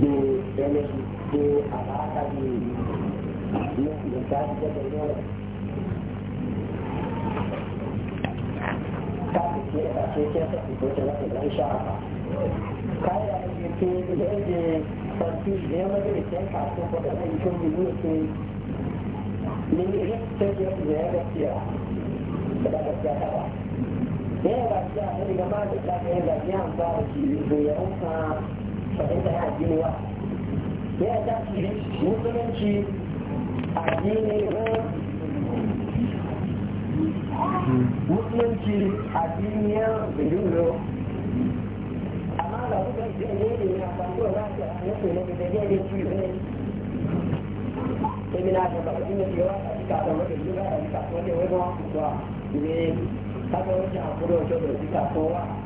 do MSP, a vaga de universidade da Bandeira. Sabe que a gente é coisa lá que vai chamar. Cara, que de Santos Lema, ele tem passou por aí, que eu me lembro Ninguém sempre é que é gafiar. Será que vai acabar? Quem é gafiar? Ele vai mais gafiar, ele vai avançar, ele vai avançar. 反正这样子啊，不要讲，你你不能去，啊，你那个，嗯，不能去啊，你那个，别去妈的，我讲你这个年轻人，干这个，这还年轻，你这年龄去了，这边来说，他这个地方，他讲什么旅游，他讲说这个庄是吧？因为他说一下，不如说说去讲说啊。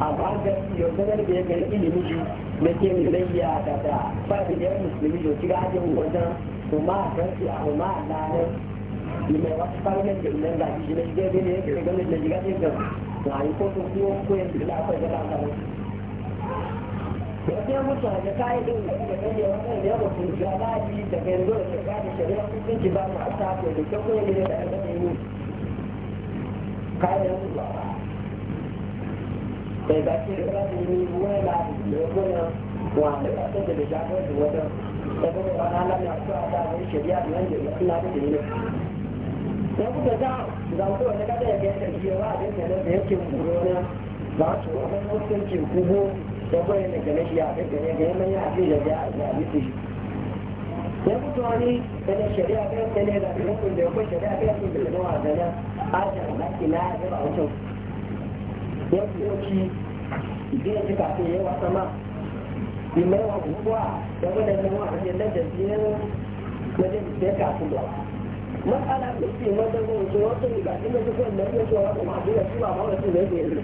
amma da yaudarar da ya gani ilimi na ke rayya da da fa'idiyar musulmi da shiga ajin wajen kuma a kansu a kuma a lanar mai wasu farunan da da shi na shiga gani ya shiga gani da shiga gani na yi ko kuwa yin da lafai da lafai da mutu da kayi da ya wani ya da da sai ga ce kira da yi wani lafi da ya gona wanda ka sai da da da wata ta gona ba na ya su a damar shari'a da yanzu da suna da ne ya kuka za za ku wani kada ya gaisa cewa a wa, da yake kuro na ba su wani mutunci kubo da bayan da gane shi a dinka ne ga ya fi da ya a bisu shi ya kuka wani kada shari'a ga ne da kuma da ya shari'a ga yanzu da ya zama a zana a na ina ya 幺五六七，一定要去搞些玩什么？你没有文化，又不能什么，而且那手机，那得别干工作我们大家平时，我们都说这里边，你们就说我妈这个芝麻黄的这些人，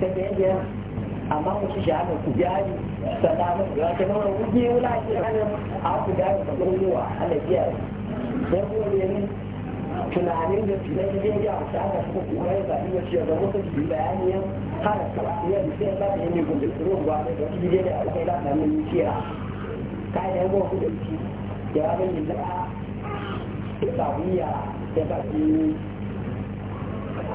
在天天，俺妈去厦门福建，在他们家，他们五金、五那些，还有二胡家，他们都给我，还没见，真不容去南宁就几百块钱，现在是不贵了。那个学生，我们一百年，他那十几年、几百年就不值路过了。到季节了，回到南宁去了。开天过不去，第二天你那，就倒闭了。现在是，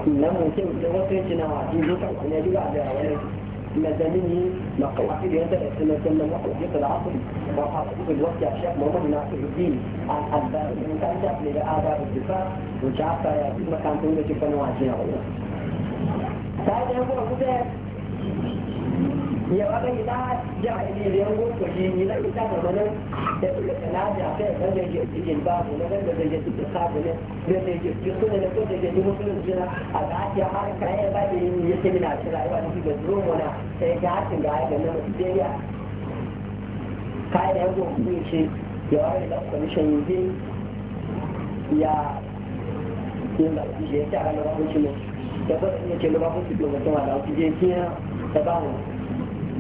湖南农村都发展起来了，株洲到湖南就方便了。مدني مقاصد هذا يتكلم وحديث العصر وحقيقة الوقت يا شيخ محمد ناصر الدين عن أسباب المتعدة إلى آداب الدفاع وجعفر مكان تقول لك فنواجه هذا هو ya ba kai da ja ne ya go ko ni da ita da wannan da ita kana da ta da da ji ji ba ko da da da ji ta ka ko ne da da ji ji ko da ji mu ko ji na a da ya har kai ba da ni ya ce mina shi rayuwa ni da duro mu na sai ga tin ga ga nan da ya kai da go ku ce ya ba da commission din ya yin da ji ya ta ga na ba ku da ba ni ce na ba ku ci mu to da ku je ki ya ba mu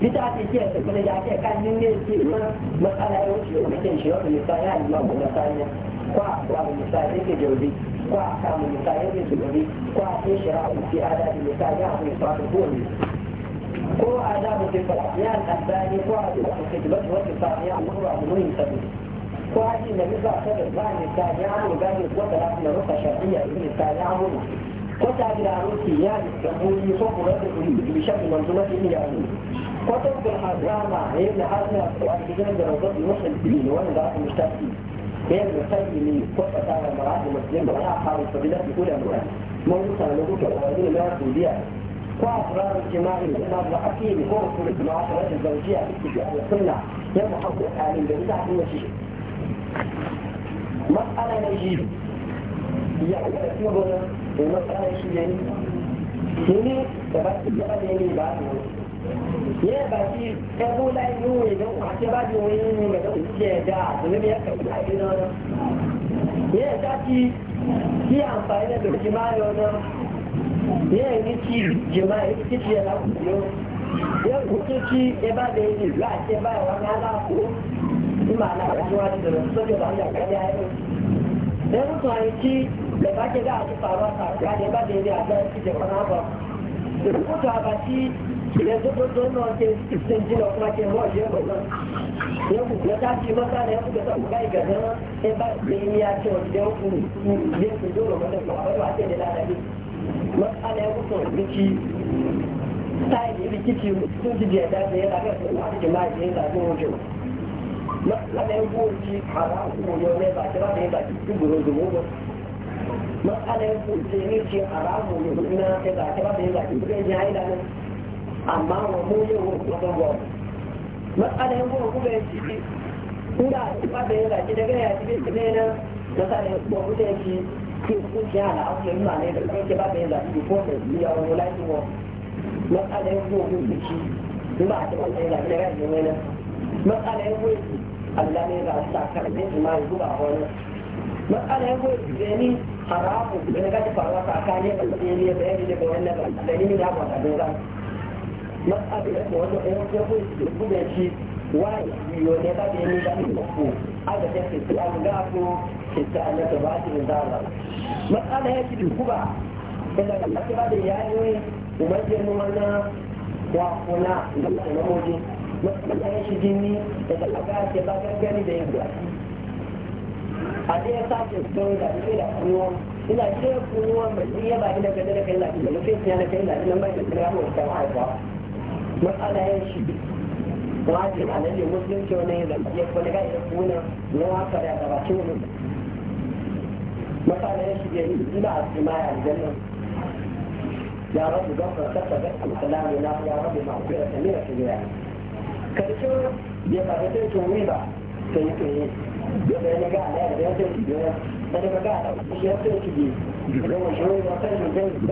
bid'a ce ce ta kula da ta kan yin ne ce matsala ya wuce mutum shi wata misali ya imam ko misali ko a kwamu misali ke jauri ko a kamu misali ke jauri ko a ce shira'u fi adabi misali ya kuma fara ko ne ko adabu fi falafiyan albani ko a ce wata kitbat wata saniya ko a muhimmin sabu ko a ce nabi ba ta da ba misali ya mu gane ko da lafiya rufa shar'iyya misali ya mu ko ta gida rufi ya da ko kuma da bishar manzumar ilmiya ne فترة بالحرام عيب لحالنا وأنتجنا درجات الوصل فيه اللي هو أنا بعرف مشتاق فيه كان مسلم لي فترة على المراعي المسلم وأنا أحاول الفضيلات بكل أموال موجود على لغوك الأولين اللي أنا سعودية وأسرار اجتماعي الإمام الحكيم هو كل المعاشرات الزوجية في أهل السنة يبقى حق الحالي بمتاع كل شيء مسألة نجيب يعني المسألة شيء يعني يعني تبقى يعني بعد yẹn bàtí ẹkú láì ní òun ìdánwò àti abájú òun yìí ní ìgbàdàn òṣìṣẹ ẹ̀dá àtúnyẹmí ẹkẹ ìlà ìdí náà náà yẹn ẹ̀dá ti kí àǹfààní náà lòdì máa yọ náà yẹn ti ti ti kù tó ẹ bá lè ní ìlú àti ẹ bá ní aláàkó ní màá náà lọ ti yanzu dundun nawa ke sun jina kuma ke mawa shi yau nan yau ya tashi masa da yau da samu gai ga nan sai ba da yi ya ce wani da yau ya fi dole wanda ba ba ba ce da lalabi masala ya kusa rikici sai da rikici sun ji da da ya lagar da wani jima'i da ya lagar wajen masala ya kusa haram ko yau ne ba kira da ya ba ki duburo zumo ba masala ya kusa ne ce haram ko yau ne ba kira da ya ba ki duburo zumo ba amma wa mu yau wa kuma zan gwamu matsala yin kuma kuma ya ciki kuma a cikin da ya gaji daga ya ci bisu ne na da yin kuma kuma ya ci ke kuci hana abu ya nuna ne da kuma ke ba da ya zaɓi ko da biya wani wulaƙi wa matsala yin kuma kuma ci kuma a cikin da ya zaɓi daga ya ci ne matsala yin gwa ci Allah ne ba su sakar ne su ma yi guba wani matsala yin kuma ci ni haramu da na gaji faruwa tsakanin da ya bayani daga wannan ba da ni ne ya ba da zai mas'abilar da wani ɗan ya buga shi wani biyo ne ba da ya ba ne a aga ta ce an ga ko ta an ta ba shi da zara mas'ala ya ci dukuba daga Allah ba da yayi kuma ya nuna na wa kula da na moje mas'ala ya ci jini daga ka ya ba gani da yadda a da ya sace sau da ke da kuma ina ce kuma mai iya ba ni daga kai lafiya da kai lafiya kai lafiya mai da kuma ya mu ta matsala ya shi wajib a nan ne musulunci wani ya zambiya wani ga iya kuna na wasa da gabacin wani matsala ya shi ya yi ina a cima ya nan. ya rabu gafar kasa da alkalamu na ya rabu ma'afira ta nuna ta gida karshen ya fara karfe tun riba ta yi tun yi ya bayan ga ala ya da ya ta yi biyu ya da ga ya ta yi biyu matsala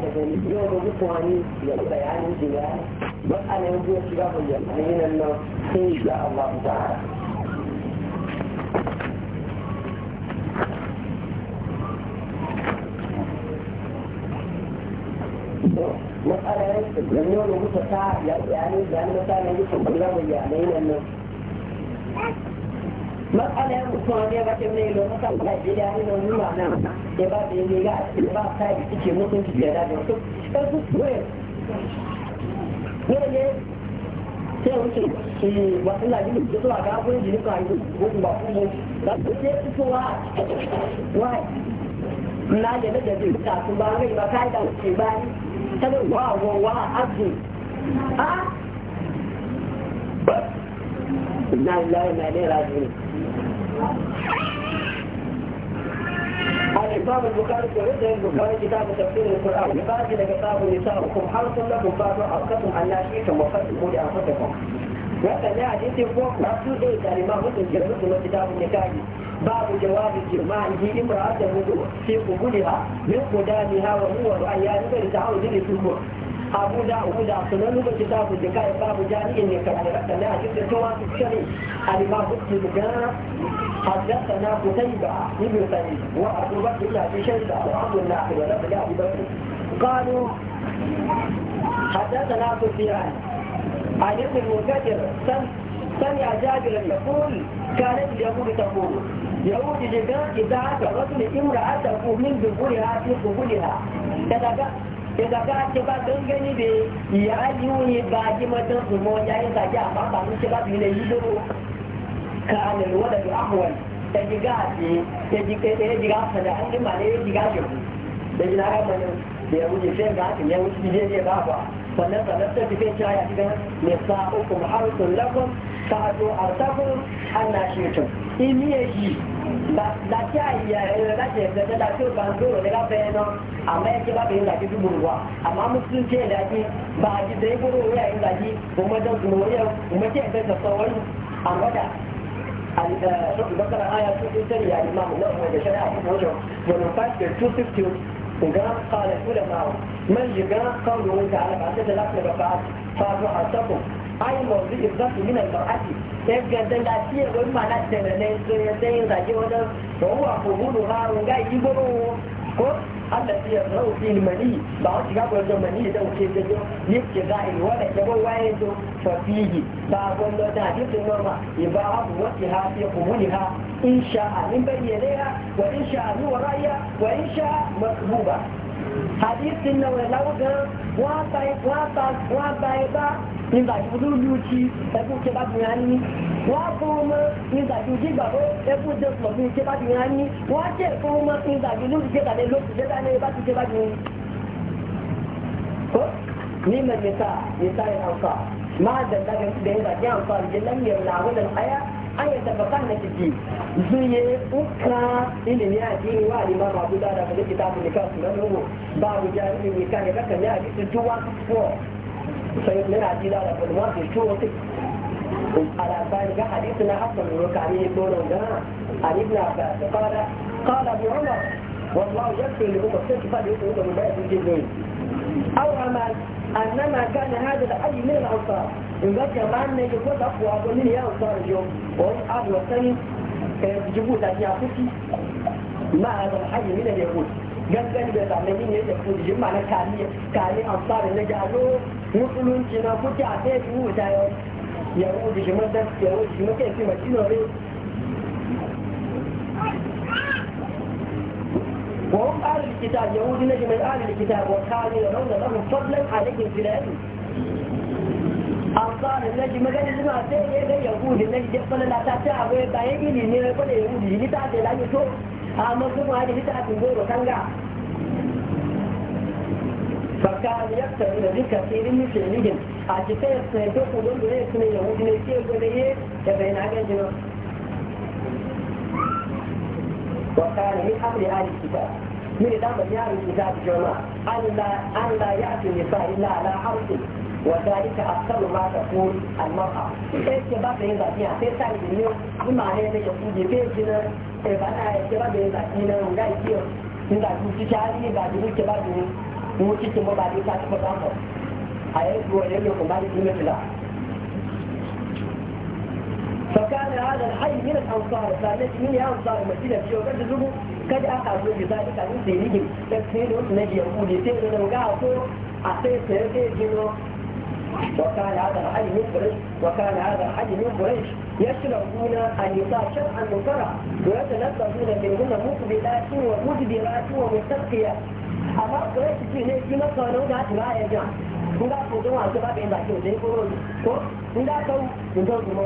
daga yau da muku hannu ya bayanin shiga yanzu wani kusa ta yani da na ta ne kusa kula da yanayi nan nan matsala ya mutu wani ya bace mai lo masa kula da yanayi nan nuna nan ya ba da yanayi ga ba ta yi cike mutum ki da da su ɗan su ne ne ne sai wuce shi wasu na jini da suna ga abin jini suna yi wasu ba kuma da su ce su wa wa da da da tẹ́lẹ̀ wà wọ̀ wá ágùn á ìgbà ìlà ìlà ìlera jù ní. الإمام البخاري ويدعي البخاري كتاب تفسير القرآن لقاتل كتاب نساؤكم حرص لكم فاتوا حرصكم أن لا شئتم وقدموا لأنفسكم. وكان حديث فوق مقصود إيه كلمة مسلم جنود كتاب النكاح babu jawabin jima'i ji imra da mutu sai ku gudu ha min ku dami ha wa ya ni bari ta hawo jini su ko abu da abu da su nan lokaci ta babu jami'in ne na ji da kuma su shari alima ku ci da hadda na ku tai ba ni bi sai wa abu ba ki ta shi da abu da ku da da abu da ku kalu hadda na ku tiyan ayyukan mutajir سمع جابرا يقول كانت اليهود تقول يهود جدا إذا أتى رجل امرأته من دخولها في قبولها daga ga ce ba don gani da ya yi ba ji matan su mo ya yi zaki a ba mu ce ba bi ne yi ka ne wala bi ahwal da jiga ce da jiga da jiga fa da an ma ne jiga ce da jiga ga mun da ya wuce sai ga ta ya wuce je ba ba sannan sannan ta fice ta ya diga ne sa ukum harsun lakum kaato asafu anasiyetu imieji lati ayiya ẹrẹ lati ẹsẹ ẹsẹ lati o kan gbòòrò ní káfẹ yi náà àmọ́ ẹjẹ bá bẹ̀rẹ̀ lati dúró wa àmọ́ amúsùn tí ẹ lati bàjẹ tẹ ẹ gbòòrò wíyà yìí lati ọmọdé ọdún wọlé ọmọdé ẹgbẹ sọsọ wọn àmọdà sọfì bàtàlà àyà tó ti sẹni yà ìmáàmù náà wọn ẹgbẹ sẹni àti wọn jọ wọn fà ṣe tó ti tó nǹkan kálẹ̀ fúlẹ̀ máa mẹ́rin nǹkan kọ́ lóun tààlà kà á tẹ̀lé láti rẹ̀ fà á fà á fà á sọ́kù ai mawuzi izzatu min al-mar'ati yadda da shi wani mana da ne sai ya zage wajen wa huwa qulu harun ga yi goro ko Allah ya zau fi mani ba wani shiga ko zama ni da wuce da yo ne ke ga in wala da wani waye to fa fihi ba gondo da dukkan norma ibahu wa tiha fi ha, in sha'a min bayyana wa in sha'a wa ra'ya wa in sha'a makbuba hadisin na wani lauga wa baya ba ni zaki wudu luci ẹkú ke bá dùn yán ní wá fún ọmọ ni zaki ojú ìgbàgbọ́ ẹkú jẹ sọ̀rọ̀ fún ke bá dùn yán ní wá jẹ fún ọmọ ni zaki lórí jẹ kàdé lórí jẹ kàdé bá ti jẹ bá dùn yín. ko ni mai nisa nisa ya hausa ma da daga da yin zaki hausa da lamiyar na wani aya an yi tabbata na ciki zuye uka ilimi a jini wa liman abu da da kitabu ne kan sunan rubu babu jami'in ne kan ya kakan ya hadisi 214 sai yana ji da da kuma 1 الألباني جاء حديثنا أصلا من ركعين يقولون ده عن ابن عباس قال قال أبو عمر والله يكفي لهم الصدق فليكن لهم ما يجوز أو عمل أنما كان هذا الحج من الأنصار إن بقى مع أن يكون أقوى أقول من هي أنصار اليوم وهم أهل والثاني يجيبون أشياء كتي مع هذا الحي من اليهود قال قال بيت عملين يجب يجمع لك كالي كالي أنصار اللي قالوا مسلم جنا كتي عتاب يهود يهود جمع دم يهود جمع كيف في مدينة وهم أهل الكتاب يهود نجم من أهل الكتاب وكانوا يرون لهم فضلا عليهم في العلم أنصار النجم مجال لما سيئ غير يهود النجم يقول لا تتعب ويبايقين إني يقول يهود يجي تعطي لا يشوف أما ثم هذه تعطي غير وتنقع فكان يكثر من كثير من فعلهم أجتاز سيدوك ولو يسمي إيه، يهود نجم يقول ليه يبين نعم عجل جنوب من أمر آل الكتاب من دام يار الكتاب جماعة أن لا أن لا يأتي النساء إلا على حرف وذلك أكثر ما تقول المرأة. إيش باب بين ذاتي أنت تعرف إنه إما هي تقول بيجنا إبنا إيش باب بين ذاتي إنه ولا يصير إن ذاتي تجاري إن ذاتي إيش باب بين موتي تمو بعد ذاتي بدمه. هاي هو اللي يقوم بعد ذاتي فكان هذا الحي من الأنصار فالتي من أنصار مدينة في وقت قد أخذوا بذلك عن دينهم تفسير نجي يقول يتم لو قعدوا أعطيت سيدنا وكان هذا الحج من قريش وكان هذا الحج من قريش يشربون النساء شرعا منكرا ويتلبسون منهن مقبلات ومدبرات ومستسقيات أما قريش في هيك مكة ونودعت معايا جماعة nga ko don wa ba ben ba ke de ko ko nga ko de do mo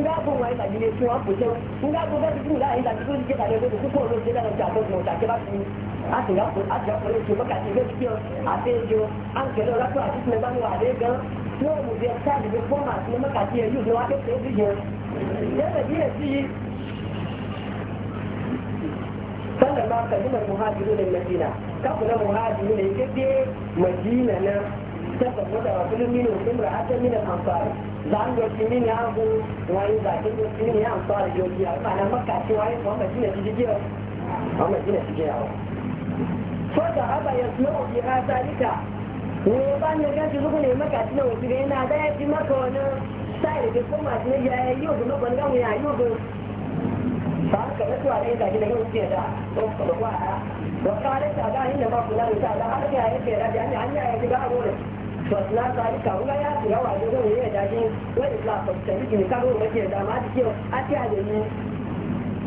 nga ko wa ila ni so wa ko se nga ko ba ti nga ila ti ke ta le ko ko lo je da ta ko mo ta ke ba a ti ga ko a ti ga ko le so ba ka ti ke o a te jo an ke lo ra ko a ti me ba ni wa de gan so mo je ta de ko ma ti me ka ti e yu no wa ke te bi jo ya ba ni e ti sannan ma kalimar muhajiru da madina kafin na muhajiru tabbas wata wa kullum ni ne da hatta ni da amfani zan ga hagu wani da ke da amfani da yoki a nan maka ce ko amma shi ne shi ke yawa ne shi ke yawa ko da haba ne ba ne ne maka ne na da ya ji maka wani kuma ne ya yi yau da ban ga mu ya yi yau ba ka da tuwa ne da da ko ko ba ba ka da ta ga ni ne ba kula ta ga har ya yi ke da ya ne an ya yi 说那啥，干不干呀？不要往这个里面担心。我一拉不动，这里就干不下去。他妈的，就俺家人呢，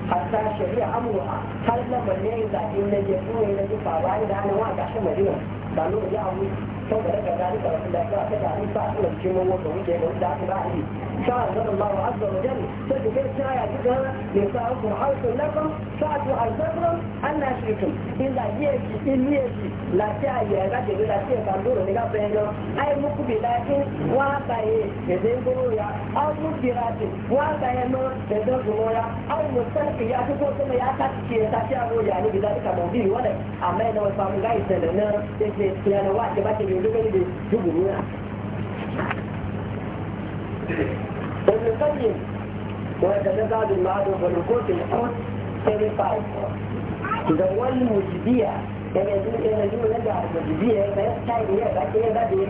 还在说你干不干？他也不愿意担心，你结婚了就跑来干了，我干什么去？走路脚无力。sau da daga dani da rasul Allah ta dani ba ta lanci mun wato muke mun da ku ba'i sa da Allah wa azza wa jalla sai ku kai shaya duka ne sa ku hausa lakum sa ku alfatra anna shirkum in da yi ki yi ki la ta yi ga da da ta ka duro ne ga bayan ai muku bi da ki wa yi da zin guru ya au mu bi ra ki wa ta yi no da da guru ya au mu ta ki ya ku ko ya ta ki ta ki a ro ya ni da ka mu bi wala amma ne wa fa mu yi da wani mujibiya daga jirgin na jirgin da mujibiya ya bayan tsari ya bakin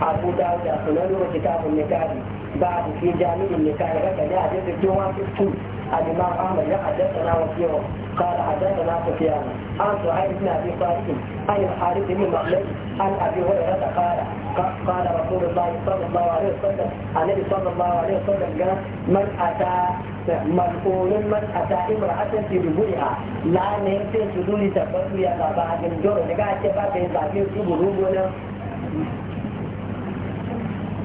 abu da da sunan ruwa kitabun nikahi ba a cikin jami'in nikahi ga kaji a jirgin tun wasu tun alimar ahmad ya haddasa na wasu yawan kara haddasa na su fiya na an su haifu na bi kwaki an yi haifu ne an abi wani rasa kara kara wasu da ba yi sabon ba wani sabon a nabi sabon ba wani sabon ga man a ta man a ta imar asin fi rubu ya a ne sai su zuri tabbatu ya ba a gindoro daga ake ba ka yi zafin su buru gona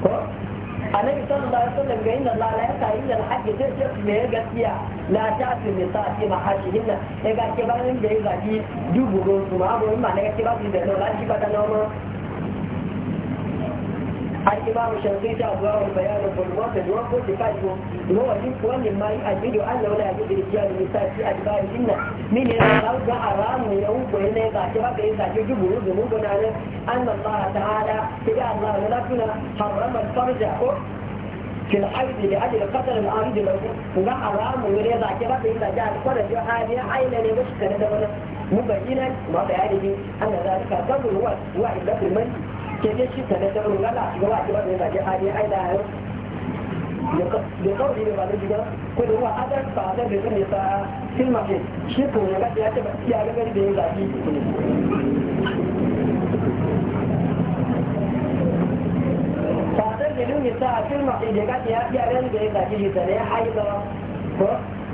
annabi sallallahu alaihi wasallam ga inna Allah la yasa illa al-haqq sai ce me gaskiya la ta fi misati ma hashihin na ga ke bayan da ya zaki dubu ruwan su ma abun ma ne ga الإمام الشنقيطي أبواب البيان والظلمات الوقت لفاته هو جنس ولما يؤكد أنه لا يجوز للرجال والنساء في أدبار الجنة من الأرض حرام يوم وإن يزعجبك يزعجب ذنوب أن الله تعالى إذا الله لكنا حرم الفرج في الحيض لأجل قتل العارض له وقع حرام وإن أن يزعجب الفرج هذه عينا لمشكلة مبينا ما بيانه أن ذلك قبل هو هو عدة المنزل ke ne shi ta da dauro na la ga wa ba da ke hadi ai da yau da kawo ne ba da diga ko da wa adar ba da da ne ta filma ke shi ko ne ga ya ce ba ya ga gari da yin zafi ba da ne ne ta filma ya ya ran da yin zafi da ya haida ko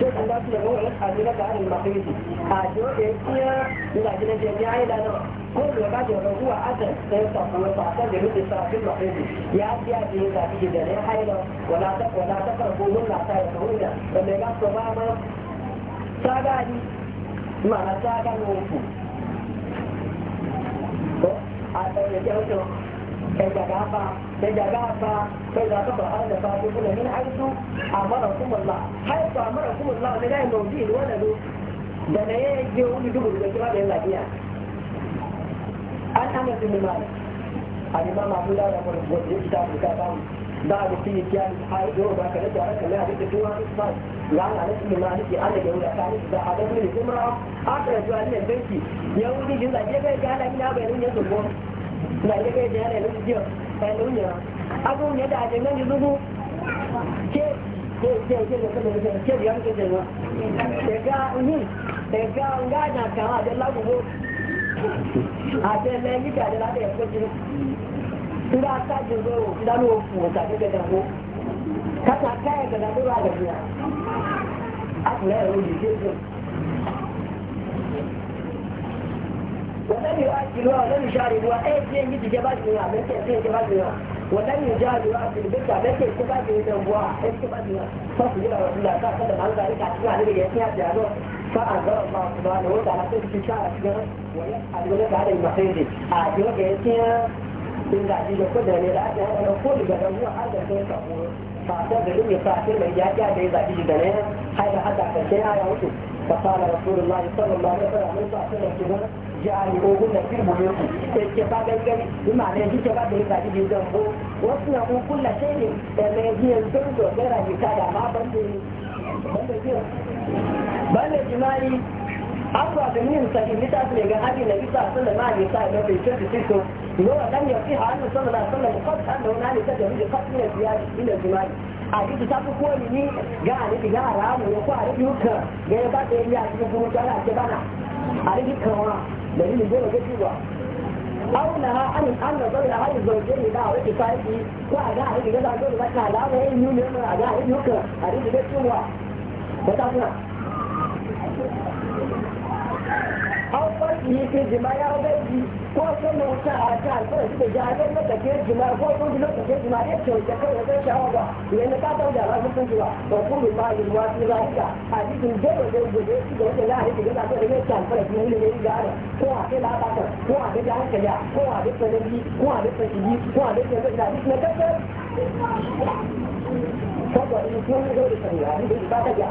sai kan da su da mawala amina da harin makariti a joke iya da gina jami'a ya da nawa ko da ba da rahuwa adan sai ya samu wata akan da rufe sa fil makariti ya biya da ya zabi da ya haila wala ta wala ta farko wannan ta ya ruwa da mai ga so ba ma sagani ma na sagani ku ko a da ya ce ko kai da da gagafa sai za ka fara da fasu kuma min aizu a mara kuma la har ba mara kuma la da ga yau ji wanda do da ne ya je wani dubu da kira da lafiya an amma din mai ali ma ma kula da wannan gobe da ta buka ba da da fi kiya da hai do ba ka da ta ka la da ta tuwa ki fa la na da din mai ki an da ga wanda ka ni da hada ni kuma a ka da ni da ki yau ni din da ke ga da ni na bayani ne to na ile kai da yana lujiyo sai lunya abu ne da da nan zubu ke ke ke ke da kada da ke ya ke da na daga ni daga nga na ka da lagu a te le ni da da da ko ji tura ta ji zo da no fu ta ke da ko kata kai da da ba da ya a ne ruji ke ولم يؤكلوها ولم يشاردوها أي شيء يجي جبال منها من تأثير جبال منها ولم يجادلوها في البيت بس استفاد من الأبواء استفاد منها فصل إلى رسول الله صلى الله عليه وسلم عن ذلك أسمع لي يسمع جاهلون فأنزل الله سبحانه وتعالى في الشارع ويسأل ولد على المخيز أعجبك يسمع إن عجيب كل من الأجل أنا كل جدوه هذا كيف أقول فاعتذر لي فاعتذر لي يا جاد إذا عجيب دنيا حيث حتى في الشيء يا رسول فقال رسول الله صلى الله عليه وسلم من فاعتذر jihari ogun na firma ke ba ji ke ba wasu na kulla sai ne da mai biyan sun da ma ban da ban da jimari da yin sa in su ne ga na bisa sun da ma ne sa ga bai ce dan ya fi hannu sun da sun da da na ne ta da ne a duk ta ni ga a ga a ramu ko a nufi ga dalilin dole ga cewa aunaha an an nazar da hadin zaujeni da wani fasi ko a ga a rike gaza dole zaka alama yin nuni a ga a rike haka a rike ga cewa ba ta kuna yake jima'a bai ji ko sun wuta a ta alfarsu da jami'ar na tafiyar jima'a ko sun ji na tafiyar jima'a ya kyauta kai ya zai shawo ba idan na kasar da rasu sun jiwa ba ku bi ma'a jima'a su lafiya a cikin dole zai gobe su da wata lahari da gina sai da zai kyauta da kuma ne ya gara ko a kai labata ko a kai jami'ar kaya ko a kai sanarji ko a kai sanarji ko a kai sanarji da duk na kasar saboda in sun zo da sanarji da ba ta ja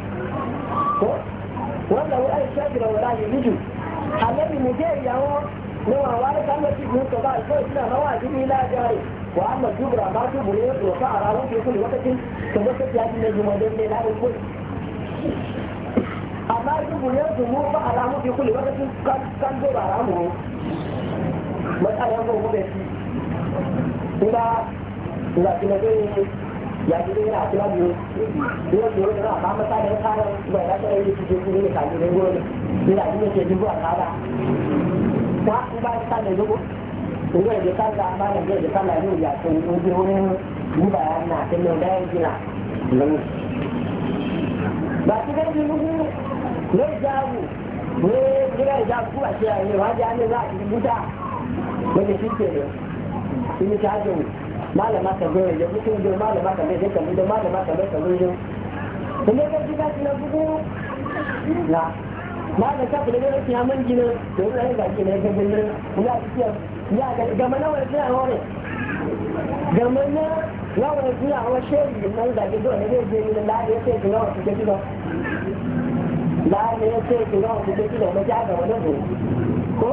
ko wanda wa ai shakira wa rahi biju annabi mu je yawo ne wa wa da kan ci mun to ba ko ina rawa ji ila jai wa amma dubra ma tu bure to fa ara ran ke kullu wakatin to wata ya ji ne juma don ne la ko amma tu bure to mu fa ara mu ke ara mu mai ara ko ko be ci ya ji dai yana kula biyu yau ke wani yana kama da ya kare bai rasa yi da cikin kuma ya kaji da gole da yi ke dubu a kaba ta in ba ta da dubu in da kanta amma da ga da ne ya ce in ji wani duba ya na ta ne da ya gina ba ki ga ji ne jabu ne gina da jabu kuma ce ne wa ji ne za a ci buta wanda shi ke ne ta jabu malama ka zo ya mutum zo malama ka mai zai kalli da malama ka mai kalli zo da ne kan jika shi na bugu na malam ka kula da rashin haman gina da wani ayyuka ke na gaban nan ya fiye ya ga gama na wani suna hore gama na ya wani suna hawa sheri nan da ke zo ne zai je ni da ya ce ki nawa kike kilo lada ya ce ki nawa kike kilo ba ja ga wani ko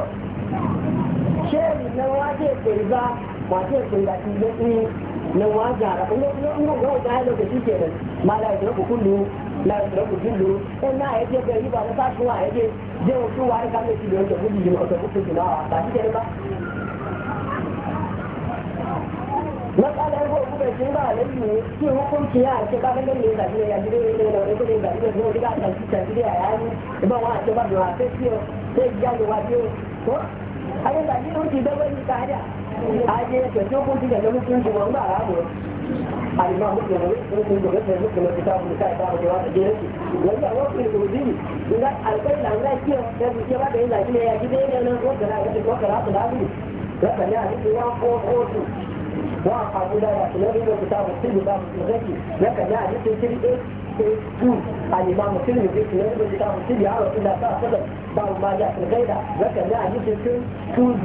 sheri na waje ke riga masu yankin da su yi na wajara in wani gawa ta hailo da shi ke nan ma la yadda ku kullu la yadda ku kullu in na yake yi ba na sashi wa yake je wa su wani kamar shi da yake gudu jima da kuka jima ba shi ke ba matsalar ko kuma shi ba lalle ne shi hukunci ya ce ba ganin ne da ne ya ji ne da wani kudin da ne ko diga kan shi ta diga ya yi ba wa ce ba da sai shi sai ya ga wa ko ai da ni ne ki da wani ayé ìṣẹ̀jọ́ kó tilẹ̀ lọ́mú tó ń ṣe wọn gbà á mọ̀ àyìnbá mọ̀tò ló ń ṣe ìjọba ìṣẹ̀lẹ̀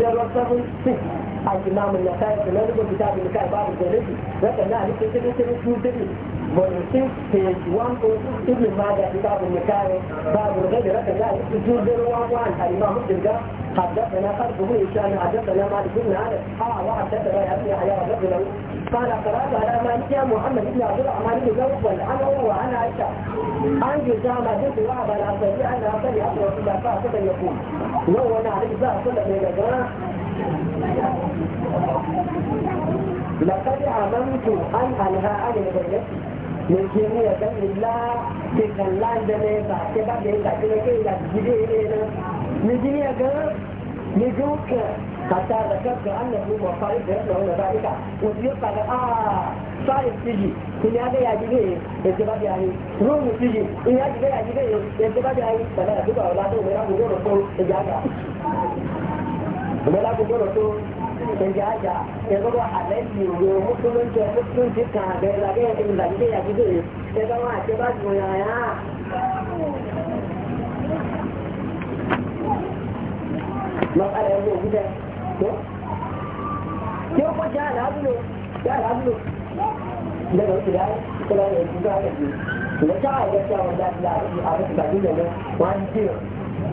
mọ̀tò fi 2076 الإمام النسائي في نظر نعم كتاب النكاح باب الزلفي ذكر لها لسه تبي تبي شو تبي مرسيم في جوان ابن ماجه كتاب النكاح باب الغيب ذكر لها لسه شو تبي وان الإمام مسلم قال حدثنا خلف بن هشام حدثنا مالك بن انس آه، قال وحدثنا يا ابن يحيى رجلا قال قرات على مالك يا محمد بن عبد الرحمن بن جوفل انا وعن عائشه عن جزام بنت وهب العصري انها سمعت رسول الله صلى الله يقول لو انا عليه الصلاه والسلام لقد عممت أن أنهى عن الغيرة من جميع ذنب الله في كلام دمي بعتبا بيتا كنا كنا جدينا من جميع ذنب نجوك حتى ذكرت أنه مصاري بيتنا هنا ذلك وزيقا آه صاري تجي إن هذا يجري يتبع يعني روم تجي إن هذا يجري يتبع يعني فلا يتبع ولا تقول يا أبو جورو ìgbọ́lá gbogbo tó ṣẹ̀jẹ̀ àjà ẹgbẹ́ àlẹ́ ìrò mùsùlùmí mùsùlùmí kan àbẹ̀rẹ̀ lábẹ́ ìgbàlódé yàgídò yìí ṣẹgbẹ́ wọn àti bá jù yàn yàn. lọ́ka ẹ̀ ló wú dẹ́ tó tí ó kọjá àlàáfíò jẹ́ àlàáfíò lẹ́nu ìdá ìkọlá rẹ̀ ìdúgbà rẹ̀ rẹ̀ ìdúgbà rẹ̀ ìdúgbà rẹ̀ ìdúgbà rẹ̀ ìdúgbà rẹ̀ ìdúgbà rẹ̀ ìdúgbà rẹ̀ ìdúgbà rẹ̀ ìdúgbà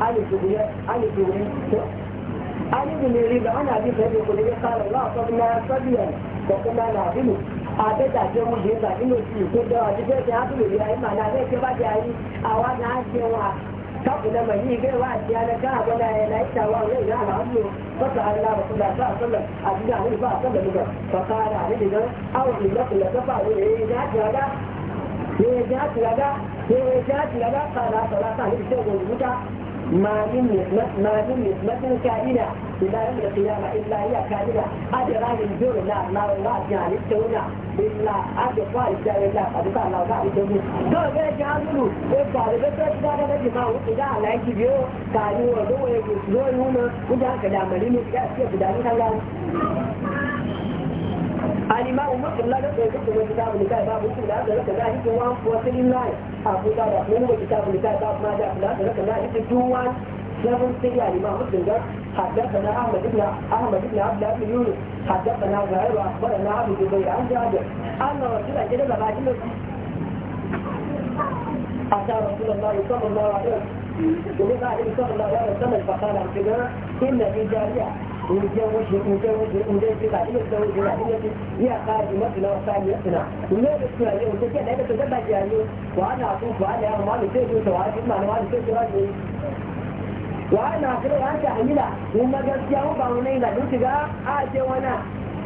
alif ne alif ne alif ne riba ana bi sai ko ne kala Allah sabna sabiya ko kuma na bilu a da da je mu da ino shi ko da a je ta hadu ne yayi mana ne ke ba da yi a wa na a ji da ba sallan ba fa kana ne da awon da kula ta fa ne ya ja da ya ما من ما من نسبة كائنة إلى يوم القيامة إلا هي كائنة أدرى من دون الله ما الله جعل التونا إلا أدرى خالد جعل الله قد قال الله قال التونا دون غير جعله إبقى لبسة إذا كان نجي ما هو إذا على أي بيو كانوا ودوا يقولوا هنا وده كذا مليم كذا كذا كذا كذا الإمام مسلم لا يقول كتاب النكاح باب السنة هذا لك ذلك وأنفسه لله أبو داود أخمنه الكتاب اللي كان باب ما جاء فلان ولكن لا يجب جوان لهم سيئة لما مسلم قال حدثنا أحمد بن أحمد بن عبد الله بن يونس حدثنا زهير وأخبرنا عبد الزبير عن جابر أن رسولا جل مغادر أتى رسول الله صلى الله عليه وسلم ومن بعد صلى الله عليه وسلم فقال عن إن في جارية ونجاوش ونجاوش ونجاوش بعد ما تزوج بعد ما هي خارج مثلا وثاني مثلا وما بسنا اليوم تجي هذا تتبع جاني وانا اعطوك وانا يا مالي تيجي وتواجد مع مالي تيجي راجل وانا اخرج عن تحميلها وما قلت يا ربع ونينا قلت بقى اجي وانا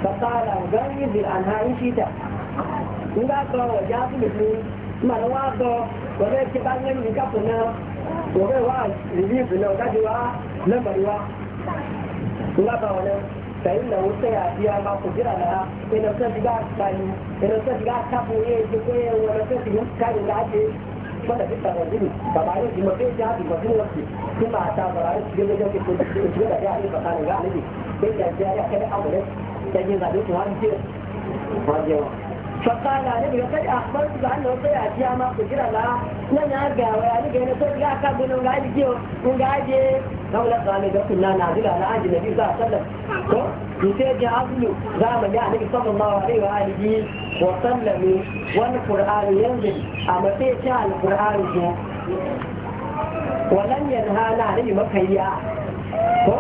فقال غير بالانهار شتاء ولا قوة جاءت مثلي ما لو اعطوا ولا يتبعني من كفنا وغير واحد يجيب لو تجوا لما يواحد nga ba wani sayin na wuta ya biya ma ku jira na ina ta shiga tsani ina ta shiga kafo ya yi ko ya wani ta shiga kare da ake wanda duk da rajin ba ba yin jima sai ya jima sun wasu sun ba ta ba yin shiga wajen ke kuma shiga da ya yi tsakanin ga alibi sai ya ya kai abu da ya yi zaɓe su har jiya fasala ne kai akbar su ga Allah sai a tiya ma ku kira la na na ga waya ni ga ne to ga ka bu nan ga ji yo mun ga ji na wala ga ga kun na na ga na aji nabi sa sallam to ni sai ga azlu ga ma ga ne sallallahu alaihi wa alihi wa sallam wal qur'an yanzil amma sai ta al qur'an ji wa lan yanha na ni makayya ko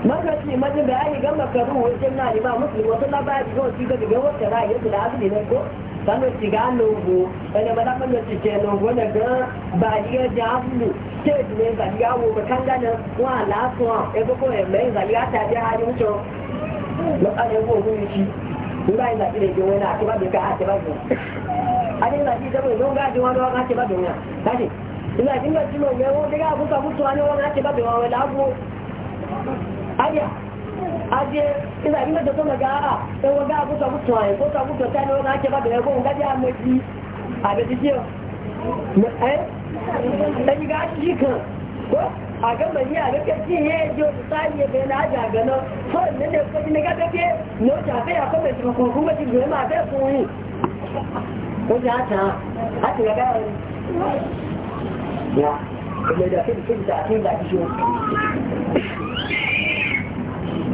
magaci majin bayani ga makaru wajen na lima musulmi wasu labari ga wasu gabi wata ra'ayi da asali ne ko sanu shiga nogo wani ba zafin da cike na ga bariya jahulu state ne bariya wo ba kan gane wa lasuwa ya ga kowai mai bariya ta biya hali wuce lokacin ya gogo ne shi ni ba ina tsire ke wani a ba bai ka a ba bai a na ji zama don gajin wani wani a ce ba bai wani ina jin ga jino ne wani ga abuka mutuwa ne wani a ce ba bai wani lagu aje aje ina ina da tona ga a sai wanda abu ta mutu ai ko ta mutu ta ne wanda ake ba da yego ga ya mai a da jiyo eh dan ga shi kan ko a ga mai ya ga kace ye jo sai ye bai na ja ga no ko ne ne ko ni ga ke no ta ga ya ko mai ko ko ma ji ma da ko ni ko ja ta a ti ga ga ya da ke da ke ta ke da shi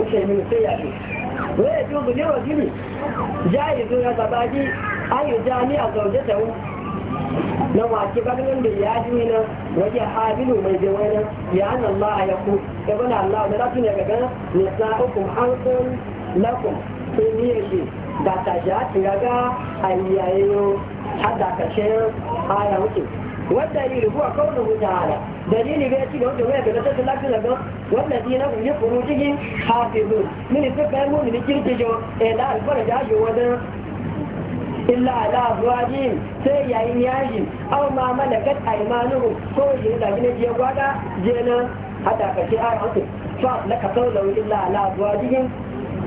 وكل من السيئة ويجوز للرجل جائز يتبادي أن يجامع زوجته لو عجبك من بياجونا وجه حامل من يا لأن الله يقول قبل الله يا جماعة نساؤكم حرص لكم إن يجي da ta ja tira ga ayyayo hada kashin aya wuce wadda ne rubuwa kawai ta'ala dalili bai ci da wanda waya daga tattalin lafiya daga wanda ji na kuyi furu cikin hafizu mini fi kayan mu mini kirki jo e eh, da alfara da jo wadan illa ala zuwajin sai yayin yaji aw ma malakat aymanuhu ko ji da gine jiya gwada je na hada kashi a ranku fa laka qawlu illa ala zuwajin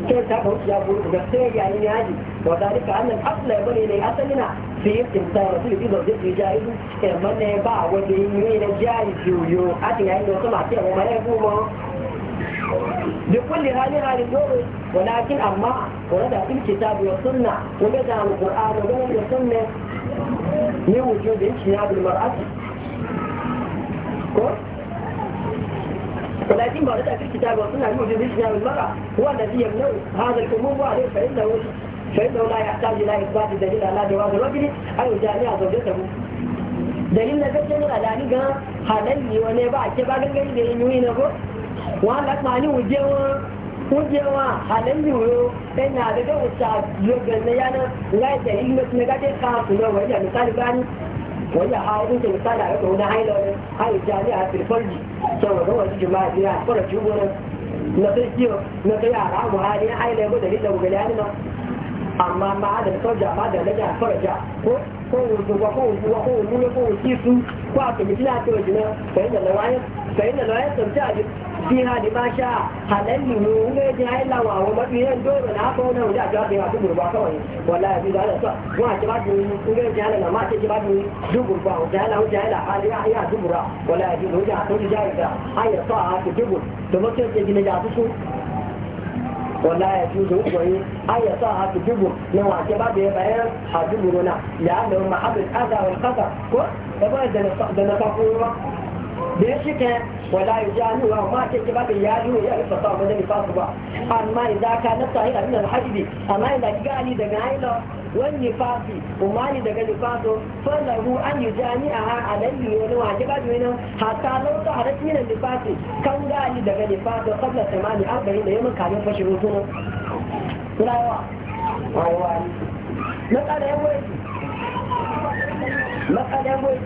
sai ta ga ya buru da sai yayin yaji wa dalika annal asla yabani ne asalina ti yake ta rasu da zai ke jayi su ke mana ba wanda yi ne na jayi juyo a ti yayi da wasu masu yawon mara yi kuma da kulle hali hali dole walakin amma wani da ya sunna wani da hannu ƙur'ana wani da sunna ne wujo da yake ya bin mar'asi ko walakin ba wani da ɗin kitabu ya sunna ne wujo da yake ya bin mara wanda zai yamna hazar kuma wani da ɗin da wani فإنه لا يحتاج إلى إثبات دليل على جواز الرجل أن يجامع زوجته dalil na gaske nuna da ni ga halalli wani ba a ke ba gangari da yin yi na ko wa la ma ni wujewa wujewa halalli wuyo sai na daga wuta yoga na yana da yin na ga ta ka ku na wani misali bani wani a hawo ta misali a ga wani haila wani hayi jani a firfarji jima'a a na sai a da amma ma da soja ma da daga soja ko ko wuzuwa ko wuzuwa ko wuzuwa ko wuzisu ko a kuma kila ta wajina sayin da lawayan sayin da lawayan sauce a jiha da ma sha halalli ne wunga ya ji hayi lawa wa mabiyan dole na na wani wuja jawa bai masu gurba kawai wala ya bi da halar sa wani ci mu mace ci ba da wuni duk hali ya iya wala ya bi da wuja a sauci jawa da hayar sa a haka dubur da mutum ke gina su aya zo nwnye ahị ta hatụ jubur nnwa kbabụ eba ihe a juburu na yama dea da ya shike wala ya ji hannu wa ma ke ba da yari wa yari fasa wa zai fasu ba amma idan ka na sahi da minar hajji amma idan ki gani daga haila wani fasi umani daga lifaso falahu an yi jani a halin wani wa ke ba da wani hata lauta a rashin minar lifaso kan gani daga lifaso kabla samani an gari da yamin kamin fashe hotunan. Rawa, rawa ne. Matsala ya goyi. Matsala ya goyi.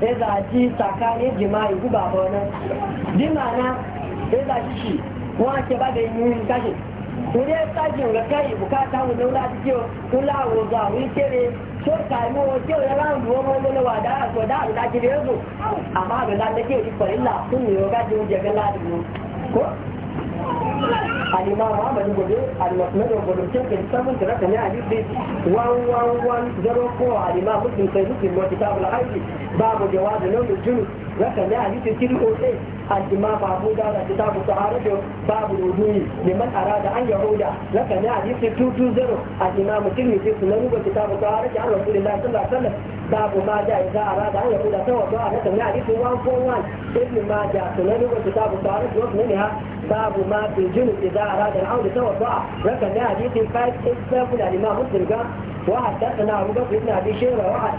ya zaci tsakanin jima'i guba ba wani jimana ya zaci shi wake ba da yi kashe kuri ya sajin ga kai bukata mu nuna wula ciwo kula wo za mu kere so kai mu wo ciwo ya ran wo mu mun wa da ko da da ki da yanzu amma ga da ke yi farilla sun yi ga ji je ga la ko alimawa ba bani gode almasmedo gode kirke samun da raka ne a lidde wani wani wani zaro ko alima mutum sai mutum mota ta bula aiki ba mu jawa da nan mutum raka ne a lidde kiri ko sai alima ba mu da da ta bu ta arabe ba mu rubuyi ne man arada an yahuda raka a lidde 220 alima mutum ne sai su na rubuta ta bu ta arabe an rasulullahi sallallahu alaihi wasallam باب ما جاء إذا أراد أن يقول توضأ نتمنى حديث 141 ابن ما جاء سنن وكتاب الطارق ومنها باب ما في الجنوب إذا أراد العود توضأ ركن حديث 587 الإمام مسلم قال وحدثنا أبو بكر بن أبي شيبة واحد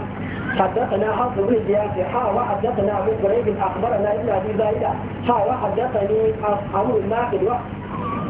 حدثنا حفص بن زياد حا وحدثنا أبو قريب أخبرنا ابن أبي زايدة حا وحدثني عمرو الناقد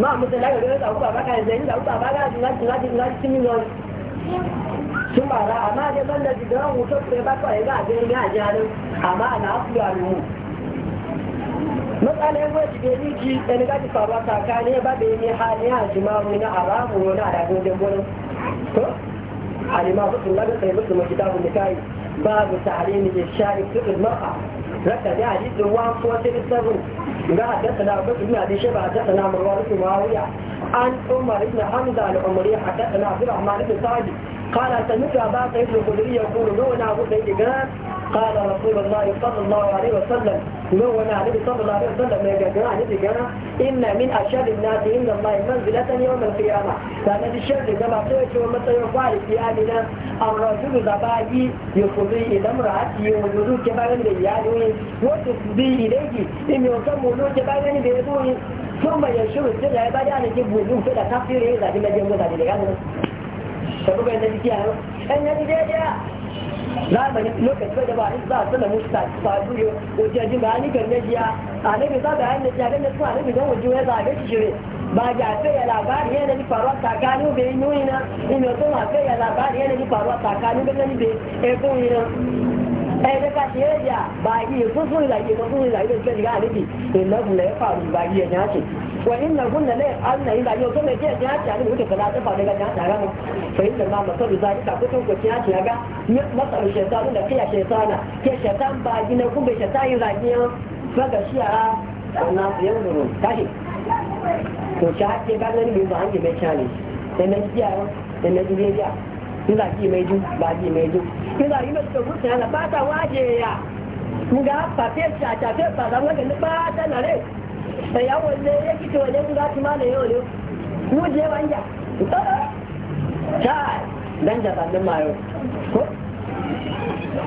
máa mú tẹ̀lé àgbẹ̀rẹ̀ ìgbà òkúta bá káyọ̀ ìgbà òkúta bá káyọ̀ láti láti láti tí mi lọ rí. Túmọ̀ àrà àmọ́ àjẹ́ bọ́ńdà ti dán òun tó fẹ́ bá kọ̀ ẹ̀gbà àjẹ́ ní àjẹ́ àrẹ àmọ́ àná àfúlù àrùn. Mọ́tàlẹ́ ẹgbẹ́ ìdìbò ní jí ẹni ká ti fàwọn kàkà ní ẹ bá bẹ ní ha ní àjùmọ̀ àwọn iná àbámu wọn náà àdàgbò jẹ gbọ́dọ̀. Tó àlìmọ̀ àbùkù lábẹ́ sọ̀rọ̀ ìbùkù mọ̀ kìtàbù nìkáyì báàbù tààrí ni one four seven لا حدثنا بكر بن أبي شيبة حدثنا مروان بن معاوية عن عمر بن حمزة العمري حدثنا عبد الرحمن بن سعد قال سمعت أبا سعيد الخدري يقول نونا أبو سعيد قال رسول الله صلى الله عليه وسلم نو النبي صلى الله عليه وسلم يا جماعة نبي جماعة إن من أشد الناس إن الله منزلة يوم القيامة فأنا الشر كما قلت يوم ومتى يفعل في آمنا الرجل زباجي يفضي إلى امرأته ويدوك كما غني يعني وتفضي إليه إن يصم ويدوك كما غني بيدوه ثم يشوف السر عبادة أن يجيب ويدوك فلا تفسير إذا كما جنبه ذلك يعني شباب النبي كيانو zamani lokaci da ba ni za su da musta ba duro wajen jin ba ni ganne jiya a ne za ga hanne jiya ganne su a ne don wajen ya zaga shi shire ba a sai ya labari yana ni faruwa tsakanin bai nuni na ina so ma sai ya labari yana ni faruwa tsakanin ganne yi bai e ko ni na e da ka ya ba yi su su da yi su su da yi da shi ga ni bi ina ya faru ba yi ya ce وإن كنا لا أن إذا يوصل إلى جهة يعني بيقول كذا تفعل إلى جهة يعني فإن ما مصر ذلك كتب كتيات يعني مصر الشيطان ولا كي الشيطان كي الشيطان باجينا كم بشيطان يراجعون فكشيا الناس ينظرون كذي وشاهد كي بعد نبي بعند بيشاني تنجيا تنجيا ina ji mai ju ba ji mai ju ina yi mai tsoron sai na ba ta waje ya mun ga fafe ta ta ba za mu ga ba ta na rai ẹ̀yà wo lé yéjì tó lé nígbà tí máa lè yóò lé wú jẹ́ wá ń jà ṣáà lẹ́njà tàbí máa yọ. ya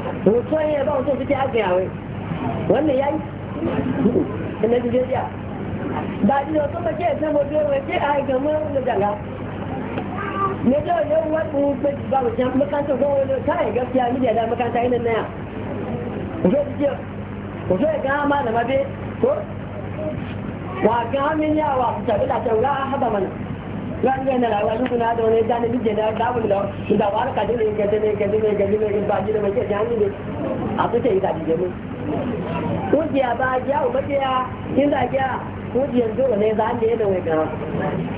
ba báwọn tó fi jẹ́ àgbẹ̀ Wannan ya yi? Na ẹ̀mẹ́ ti dé díà. Dàdí lọ tó mẹ́kẹ́ mo dúró wẹ̀ kí àìgàn mọ́ ló dàgbà. Méjọ́ ìlú wọ́n ti ń pè jù báwọn jẹ́ mẹ́kántà tó Ta káyìn gẹ́gẹ́ fi àmì ìdẹ̀dá mẹ́kántà yìí nínú yà. Òfé ti jẹ́ òfé ìgbà máa wa ga min ya wa ku tabi da taura haba mana ran ga na rawa duk na da wani dani bije da dabu da da war ka dole ga dole ga ne ga dole ba ji da mai jani ne a ku ta ida dije mu ko ji ba ji ya o ba ji ya kin ji ko ji yanzu ne za ne da wai ga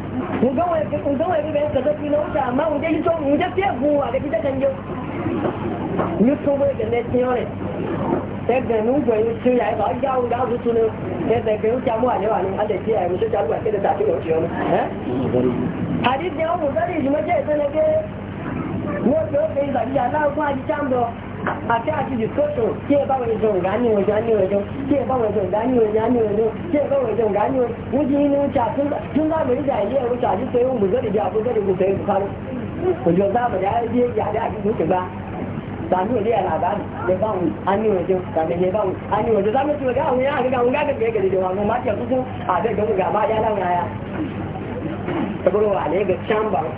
nǹkan wọ̀ ẹ̀rí bẹ̀rẹ̀ kẹ̀kẹ́ fi náà ṣe àmọ́ òjẹ́ yìí tó òjẹ́ fi ẹ̀gùn wà kẹ́kẹ́ jẹ́ kẹ́kẹ́ yìí tó wọ́n ẹ̀gẹ̀ ti rẹ̀ ẹgbẹ̀rún ní ìgbẹ̀rún yìí tó yà ẹ̀fà ọjà òun dáhùn tó ní ẹgbẹ̀rún tí a mú àlẹ́ wà ní alẹ́ tí àìmú tó jágbà kẹ́lẹ́ tàbí ọ̀ṣẹ́ ọ̀nà. àdídì àwọn òṣèré ìjùmọ̀jẹ́ ìtọ́lẹ́gẹ́ wọ́n fi ó na ìgbàdí aláwọ̀ fún àdìsáńbọ̀ àti àti discussion tí ẹ báwọn ẹjọ ǹgá ní ọjọ́ ní ọjọ́ tí ẹ báwọn ẹjọ ǹgá ní ọjọ́ ní ọjọ́ tí ẹ báwọn ẹjọ ǹgá ní ọjọ́ wọ́n da ní oúnjẹ àtúndà mẹ́rìndà ilé ẹ̀rọ tí àti pé ó mú gẹ́gẹ́ jẹ́ àbúgẹ́gẹ́ gbogbo ẹ̀rọ kárọ́ òjò sáàbọ̀dá ẹ̀rí yàrá àti gbogbo ẹ̀gbá sàmì òde àlàbà lè báwọn àní ọjọ́ tàbí lè báwọn àní ọjọ́ sáàmì tí wọ́n gá àwọn yàrá àgbẹ̀gbẹ̀ àwọn gágẹ̀gẹ̀ gẹ̀gẹ̀ wọn àwọn máa ya tuntun àbẹ̀gbẹ̀ sabar wa ne ga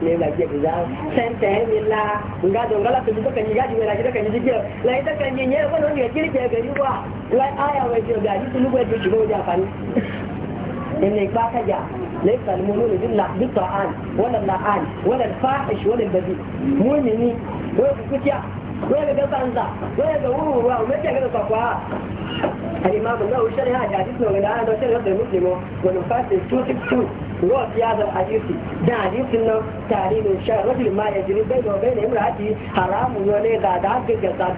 ne ga ke da san ta la ga da ngala duka ni ga ji la ita kan ni ne kirke gari ba la aya wai ce ga ba ka ja وين قطع انزع وين قوه ومتى قطع صفوها الإمام النووي شرح حديثنا من هذا شرح مسلم ونفاس 262 هو في هذا الحديث ده حديثنا تعليم الشر رجل ما يجري بينه وبين امرأته حرام ولي غادا كذا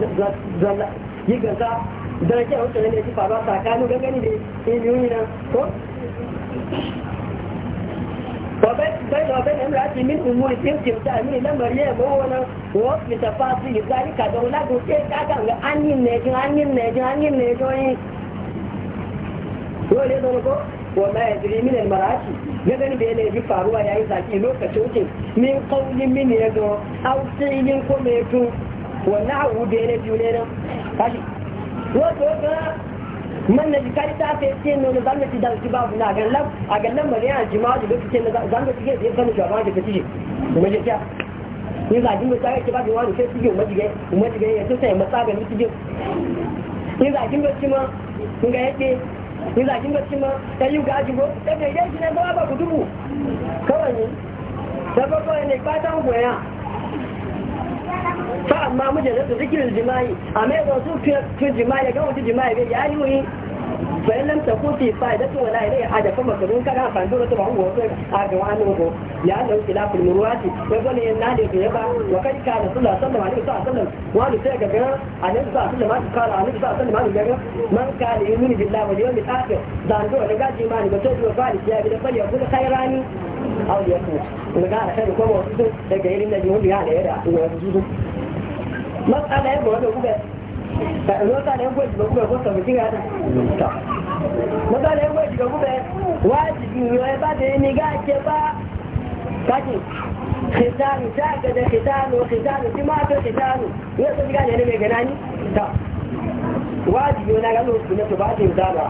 يغزا درجة وصلنا لتفاضل ساكانو غني دي إليونا وبين وبين امرأة من أمور الفلك وتأمين لما ليه مونا ووصف تفاصيل ذلك دولا قلتين كاكا عني النجو anyị النجو عني النجو dole ya zama ko wa ma yajri min al marati gadan da yana bi faruwa yayin zaki lokacin wuce min qawlin min ya man na jikari ta ta yace ne na zanga ci da na ga lab a ga nan bari a jima'a da lokacin na zanga ci ke kan shaba da kuma je ta ni za jin wani sai kige umma umma jige ya sai matsa ga mutije ni za jin bacci ma kun ga yake ni za jin bacci ma kai yi gaji go da dai ne ba ba ku dubu kawai ne da ba ko ne ba ta goya fa amma majalisar zikirin jima'i a mai wasu fiye jima'i ga wata jima'i bai ya yi wuri bayan lam takun da fa'idatu wala ilai hada kuma kadun kana fanto da tuban wa a ga wani ko ya da kila fil murwati wai bane yan nade ke ba. wa kai ka da sallallahu alaihi wasallam wani sai ga ga annabi sallallahu alaihi a kala annabi sallallahu alaihi wasallam ga man kana yumin billahi wal yawmil akhir dan do da gaji mani ba sai ba ni ya da bane da khairani aw ya ku ga da kai ko ba su da ga irin da yau da ya da ya da matsala ya gobe gube matsala ya gobe gube ko sabu kin Masala matsala ya gobe gube wajibi ne ba da ni ga ke ba kaji khitanu ta ga da khitanu khitanu ti ma ta khitanu ne ta ga ne mai ganani ta wajibi ne ga lokacin da ba ta yi zaba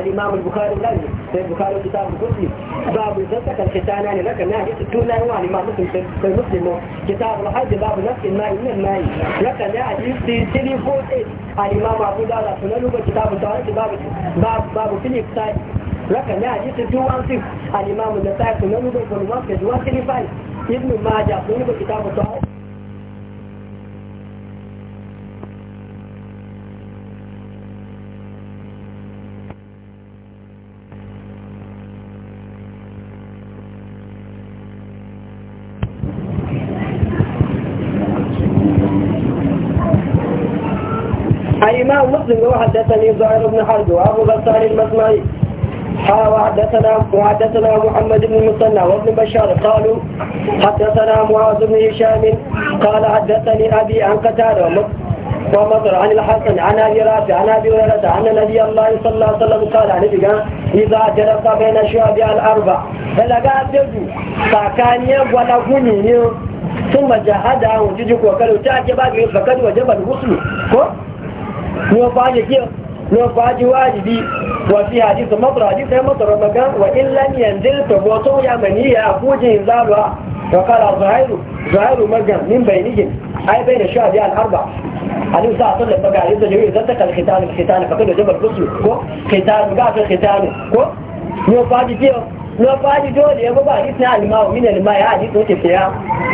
الإمام البخاري لن في البخاري كتاب مسلم باب زكاة الختانان لك النهي ستون أنواع الإمام مسلم في مسلم كتاب الحج باب نفس الماء من الماء لك النهي تلي فور إيه الإمام أبو داود سنن كتاب الطهارة باب باب باب تلي إفتاي لك النهي ستون أنصف الإمام النسائي سنن باب الوقت وقت ابن ماجه سنن كتاب الطهارة الإمام مسلم وحدثني زهير بن حرب وأبو بكر المسمعي حا وحدثنا وحدثنا محمد بن مسنى وابن بشار قالوا حدثنا معاذ بن هشام قال حدثني أبي عن قتادة ومصر عن الحسن عن أبي رافع عن أبي هريرة عن نبي الله صلى الله عليه وسلم قال عن ابن إذا جلس بين الشعب الأربع فلا قاعد يجو ساكانيا ولا غنيا ثم جهدها وجدك وكلوا تاجبا فقد وجب الغسل ni o faje ki ni o faje wajibi wa fi hadithu mabra hadithu mabra maga wa illa yanzil to boto ya mani ya kuje zalwa wa qala zahiru zahiru maga min bainihim ay bain shabi al arba ali sa sallan maga hadithu jami'i zanta kal khitan al khitan fa kullu jabal qusl ko khitan ga khitan ko ni o faje ki lọ fàájì ya lè ẹgbẹ́ bá àdìsí àlùmá òmìnà ìlú máa àdìsí tó ṣe fìyà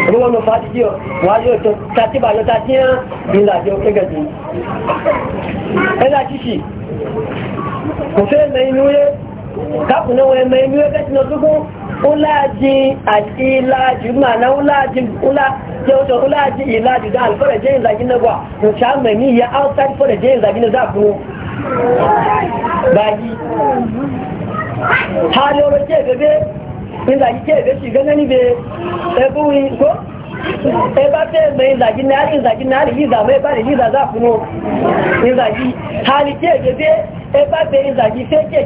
gbogbo ọmọ fàájì tí tati wà yóò tó tàtíbà lọ tàtí hàn ní ìlàjọ gẹ́gẹ́ bí. ẹlá ṣíṣì kò fẹ́ mẹ inú yé káàkùn náà wọ́n mẹ inú yé bẹ́ẹ̀ tí lọ dúkú ó láàjì àti ìlàjì màná ó láàjì jẹ́wọ́tọ̀ ó láàjì ìlàjì dá àlùfọ́rẹ̀ jẹ́ ìlàjì náà wà kò sáà mẹ̀mí ìyá outside fọ́rẹ̀ jẹ́ ìlàjì náà dà fún hali ọrọ̀ tí èbébé ìlàjí tí èbé ṣìgẹ́ náà níbi ẹbú ìkó ẹbá tẹ́ ẹgbẹ̀ ìlàjí náà ìlàjí náà rí ìzà mọ́ ẹbá rí ìzà záfún ìlàjí ìlàjí fẹ́ kí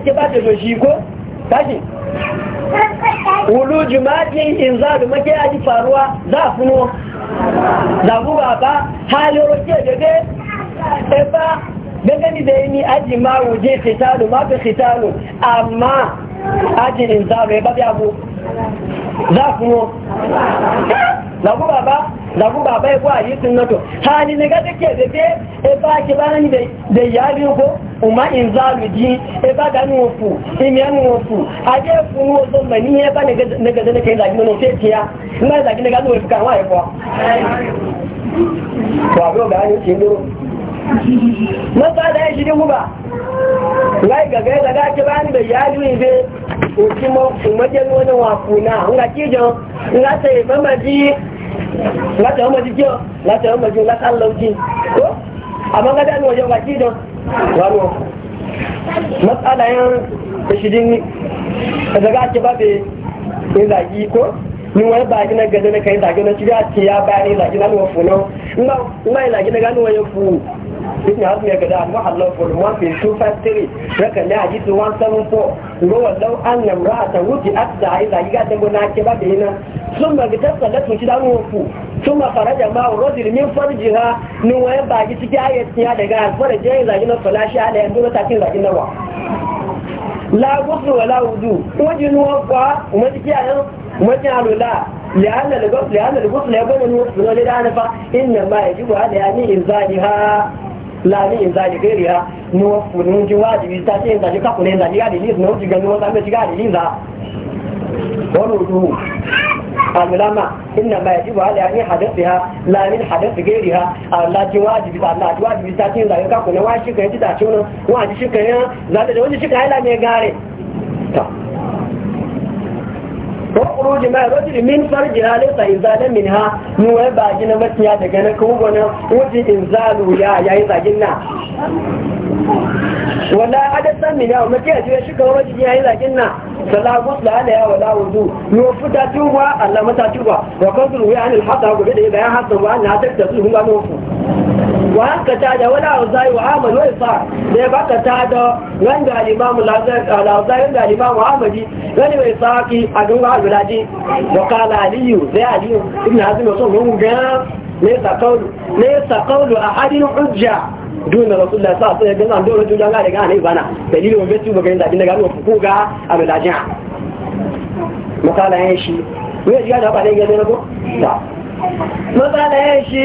ẹkẹ́ bá mọ́kẹ́ àti faruwa záfún zàfún bàbá hali ọrọ̀ tí èbébé ẹbá gangani da yi aji ma wuje fitalo ma fi fitalo amma ajin nzalu ya abu za kuma lagu baba lagu baba ya kuwa yi sunnato hali na gada ke yari ko umma inzaro ji e ba da ni wofu imi an wofu aje funu ozo mani e na gada na mọ́ta da ya shi din guba rai ga gaza da ake bani bai ya juyi be oci majen wani nga kijo nga ta mamaji nga ta mamaji kiyo nga ta mamaji nga ta lauji ko amma nga da wajen wa kijo matsala yan da shi zaga daga ba zagi ko ni wani ba na gada na kai zagi na ya ya bayani na na ya ibn hazm ya gada amma Allah for 1253 raka ne a hadisi 174 ro wallau an namra'ata a atta aiza yiga da haiza yi gata gona ke ba da yana sun ma ga da tun shi da ku sun ma fara faraja ma rajul min farjiha ni waya ba gi ciki ayati ya daga alfara alfaraje ya zagi na a ala yanzu ta kin zagi nawa la gusu wa la wudu wajin wa kwa kuma ciki a ayan wajin alula لأن الغسل لأن الغسل يبنى الوصف ولدعنا فإنما يجب على يعني إنزالها láàrin ìzáyé kéré a ní wọ́n fún ní jí wáàdì bí alulama yajibu ni hadathiha la min hadathi ghairiha wajibi ta wajibi ta tin da ka kuna wa shi kai ta gare وخروج ما رجل من فرجها ليس إنزالا منها نوى باجنا متيا دقنا كوبنا وفي إنزال يا يا إذا جنا ولا عدد منها ومتيا جوا شكو ومتيا يا إذا جنا فلا غسل عليها ولا وضوء نوفتا توبا ألا متى توبا وقدروا يعني الحق وقدر إذا يحصل وأنها تكتسل هم أنوفوا wa ta da wani auzai wa amadu wai sa da ya baka ta da ran ga limamu lauzai ran ga limamu amadi wani mai saki a ganga albulaji wa kala aliyu zai aliyu ibn hazim wasu gungun ga nesa kaulu nesa kaulu a hadin hujja dun da da sa sai ga zan dole judan ga daga ne bana dalilin wa betu ga inda daga ruwa ko ga albulaji makala yan shi wai ga da ba ne ga ne ko ta makala yan shi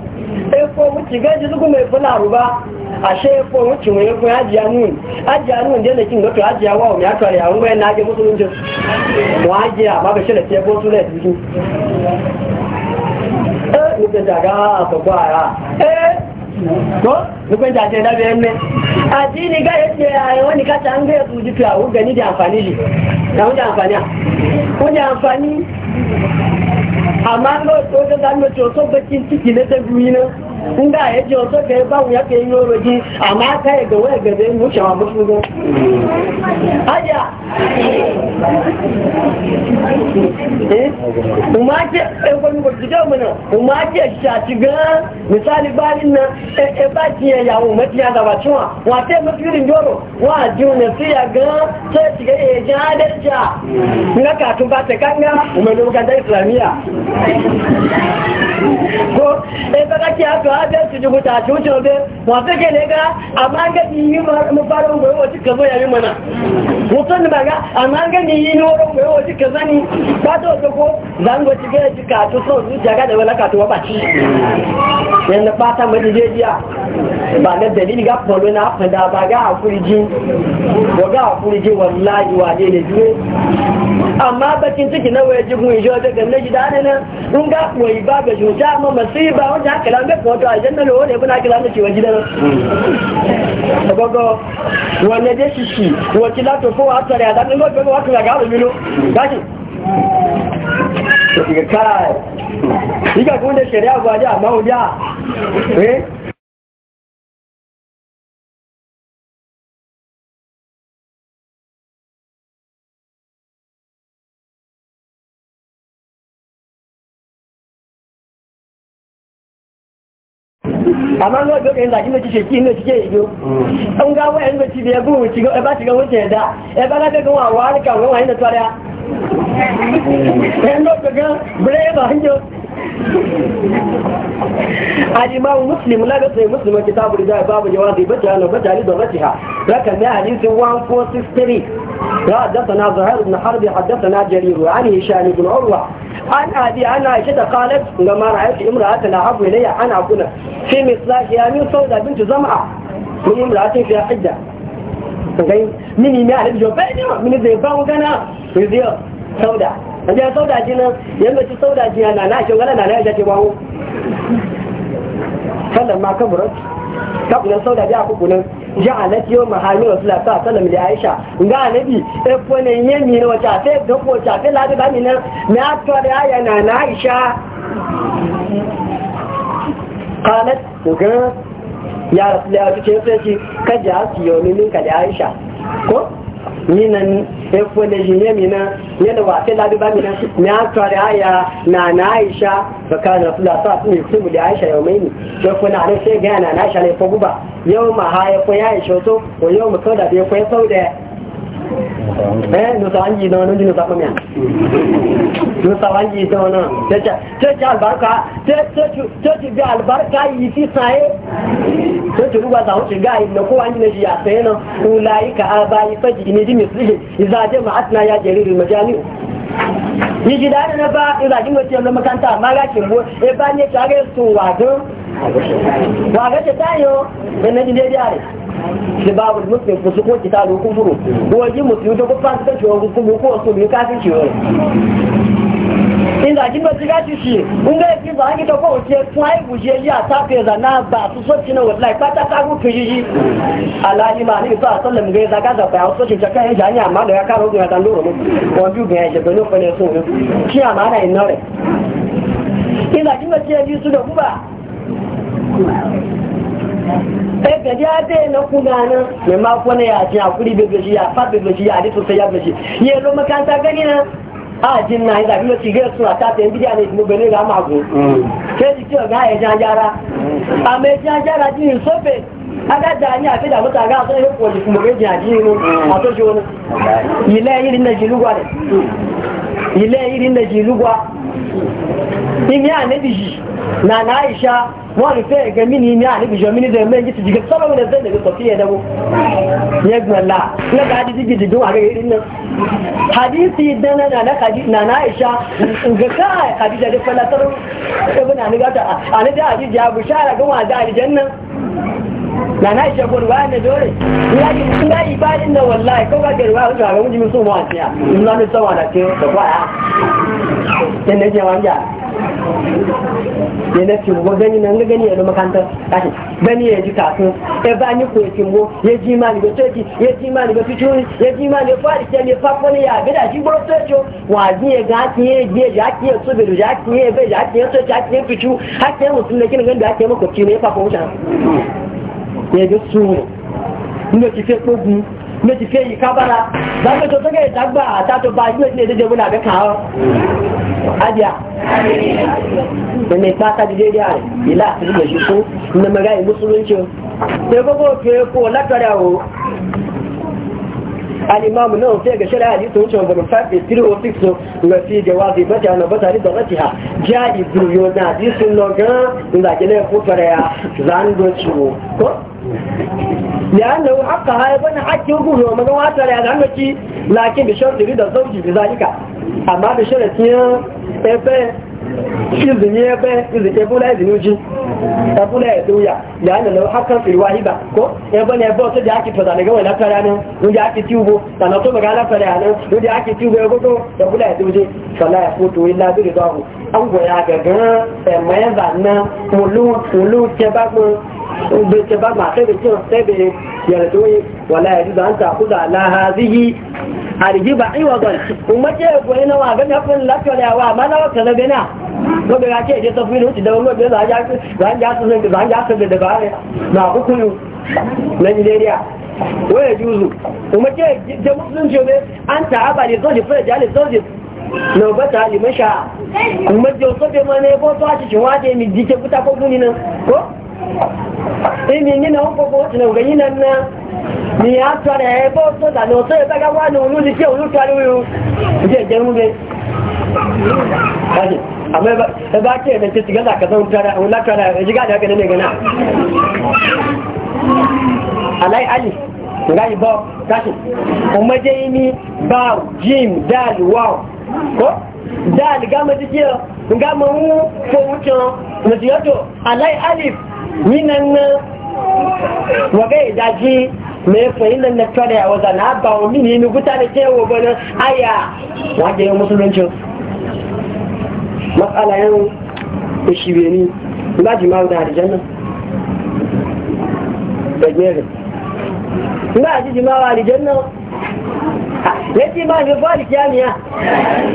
efo wuce gaji zugu mai ruba efo wuce mai eh, a rungayen na ajiye musulunci wa ajiya ba ga shirin tebo su da jiki eh daga a ya eh ko nufin da ke dabe ne a ni ga yake a wani a wugani da amfani a amma ga da zanen cewa so bakin ciki na ta biyu na in da e ya ji wasu ka yi babu ya ke yi yoroji amma ka yi yi wuce wa musu umarci ɗan mu umarci shaci ga misali nan ya yawo mafi ya cewa wata mafi yoro wa ji su ya ga na katun ba ta kanga umarci islamiyya ko ɗan haka adalci ji huta ci wuce wabe wasu ke ne ga amma an gani yi mafarin goyi wace ka zo yayi mana mutum ba ga amma an gani yi ni wurin wace ka zani ba ta wace ko zango ci gaya ci kacu son zuciya ga da wala kacu wa baci yadda fata mai jijiya ba na dalili ga folo na da ba ga hakuri ji ba ga hakuri ji wallahi wa ne ne amma bakin ciki na waje gun ijo daga na gida ne nan in ga koyi ba ga juta yi masiba wanda haka lambe ko wato aljanna ne wani ibina kila mace wajen nan agogo da shi shi wacce lato ko a tsari a zaɓin gobe ga wata daga abu gashi ga kara ga kuma da shari'a gwaje eh amma ga duk inda kina ci ki ne kike yi mm. an ga wayan da ci da yago wuci ga ba ci ga wuce da e ba ga ga wa wa ka wa da tsara mm. ya ga ga bre ba الإمام مسلم لا يصير مسلم كتاب الرداء باب جواز بجها لبجها لكن رقم حديث 1463 حدثنا زهير بن حرب حدثنا جرير عن هشام بن عروة عن أبي عن عائشة قالت لما رأيت امرأة أحب إلي أن عبنا في يا من سودة بنت زمعة من امرأة في حدة من يمي على الجو من زي باو sauda wajen sauda ji nan yadda ci sauda ji na na shi wala na na ya ce bawo sallan ma kaburar kabunan sauda ji a kukunan ji a nafi yau mahami wasu lafiya sallan da aisha ga anabi efo ne yemi na wace a sai gafo wacce, a sai ladi ba minan na ato da aya na na aisha kalat ga ya rasu da ya ce sai shi kaji a siyo min ka da aisha ko minan efole eh, jine mina yana wa labi ba mina na tare aya na na aisha fa kana rasulullah sa sun yi kubu da aisha yau mai ni sai kuna ne sai ga na na aisha ne fa guba yau ma ha ya kwaya ya aisha ko yau mu sauda bai ko eh nusa an ji da wani nusa kuma yan nusa wani cece albarka cece bi albarka yi fi saye cece ruwa za wuce ga yi na kowa na shi ya saye ka a bayi faji ne ji izaje ya majami'u yi dare na ba wace makanta ma ga e ba ne ta ji شباب المسلم فسقوا قتال وكفر هو جي مسلم تقول فاسقا شو وكفر وكفر وكافر شو inda kin ba tiga ci shi kun ga kin ba hangi to ko ce tsai buje ya ta ke da ba su wallahi ta ta ku ma ni ba sallam ga da ka da ba so ta ma da ya karo dan mu ko ju ga ya ga no ne ki ama na inna re inda ba tiga ci su da ẹgbẹ̀ ní adé ẹnàkú gánà lè máa fún ní na àkúrí bèbèjì àfá bèbèjì àdítò fẹ́yà bèbèjì yẹ ló mẹ́kántà gẹ́ni náà àjí náà ìdàbí ló ti gẹ́ sun àtàtẹ̀ níbi àná ìdìbò bẹ̀rẹ̀ rà máa gùn kéjì tí ọ̀gá ẹ̀jẹ̀ ajára àmì a ajára jí ìsọ́fẹ̀ adájà ní àfẹ́dà mọ́ta àgá àtọ́ ga pọ̀ jù fún mọ̀gẹ́jì àjí imi anabi na na aisha wani sai ga mini imi anabi shi mini zai mai gita jiga tsara wani zai daga sofi ya dabo ya gbala na ga hadisi gidi don haka irin nan hadisi dana na na na na aisha ga kai hadisi da falatar ibn anabi ta anabi hadisi ya bushara ga wanda na na aisha gon wa ne dole ya ji kun ga ibadin da wallahi ko ga garwa ga mun ji mun so mu asiya mun na sawa da ke da kwaya sai na je wanja ya na cimbo gani nan ga gani ya da makantar gani ya ji kafin ya ba ni koyi cimbo ya ji ma ga toki ya ji ma ga fituri ya ji ma ni fari ke ne ne ya ga da shi bro wa ji ya ga ki ya ji ya ki ya subiru ya ki ya bai ya ki ya toki ya ki ya fitu har ke mutum ne kin ga da ke makwabci ne ya fafo wuta ya ji su ne ki fe kogun méjì fi èyí kábára gbàgbé tó tókè ìdágbà àtàtò bá ìgbé ìdílé dédé wúlà bẹ kàn án adìyà ẹnì rí àrẹ ìlà àti ìgbèjì fún nnẹmẹrẹ ìmúsùlùmí o الإمام النووي في شرع حديث وشو بن فاب يسير وفيكسو وفي جواز متى أنا بس هذه ضغطها جاء يقول يونا حديث اللوغا إذا كنا يقول فريا زان دوشو لأنه حقها يبنى حق يقول يوم أنا واسع لأن لكن بشرط رضا الزوج بذلك أما بشرط يا izini ebe izike bula izini uji ta ya doya hakan firwa ko ebe na ebe otu dị ake fada daga wani lafara nan ndị akịtị ugbo na na tobe ga lafara ya nan ndị ake tubo ya gogo da bula ya doje sala ya foto na labi da zahu ya goya gaggan na zannan mulu mulu بيت باب ما خير بيت سبب يرتوي ولا يجوز أن تأخذ على هذه الربا عوضا وما جاء وين واغن ya لك ولا na wata وكذا بنا ko da yake je tafi ne wuce da wani da za ya zan ya san da za ya san da bare na hukunu na Nigeria waya juzu kuma ce da musulunci ne an ta'aba ne zoji fara jali zoji na ba ta liman kuma je so be mane ko to a cikin waje mi dike fita ko guni nan ko ìmì yìí náà gbogbo ìlòrè yìí náà ni a tọ́rẹ ẹgbọ́ tó dànà tó yẹ pẹ́gá wà ní tí olú ẹ̀mẹ́ nga ìbọ́ káṣì ko alif minan nan waga idaji mai fahimtar na tare a waza na ba wa mini ni guta da ke wa bana aya wanda ya musulunci matsala yan ishibe ni ba ji mawu da harijan nan da gere ba ji ji mawu harijan nan yake ma da fadi kiyamiya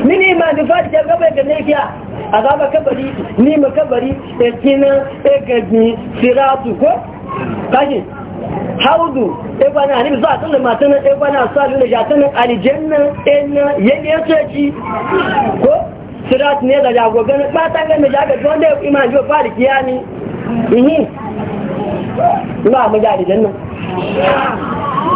ne ma da fadi kiyamiya gaba ga a azaba kabari ni ma kabari da e kina e gaji siratu ko kaji haudu e bana ni za ta da matan e bana salu da jatan aljanna en yake yace ci ko sirat ne da jagogan ba ta ga me jaga da iman jo fadi kiyami ni ba mu ga aljanna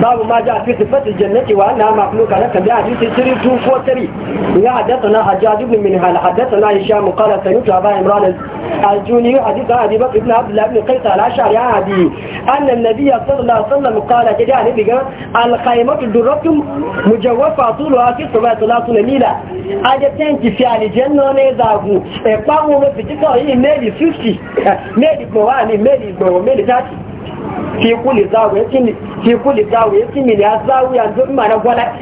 babu ma ja fi sifati jannati wa annaha makhluqa laka bi hadisi 3243 ya hadathana hajjaj ibn minhal hadathana hisham qala sami'tu aba imran al-juni hadith abi bakr ibn abdullah ibn qais al-ash'ari hadi anna an-nabiy sallallahu alaihi wasallam qala kida ani diga al-qaymatu durratum mujawwafa tuluha fi salatuna mila aje tanki fi al-janna ne zagu e pawo lo fitika yi meli 50 meli ko wa ni meli gbo meli 30 fi kuli zawo yasimi fi kuli zawo yasimi ya zawo ya ndo imana gwala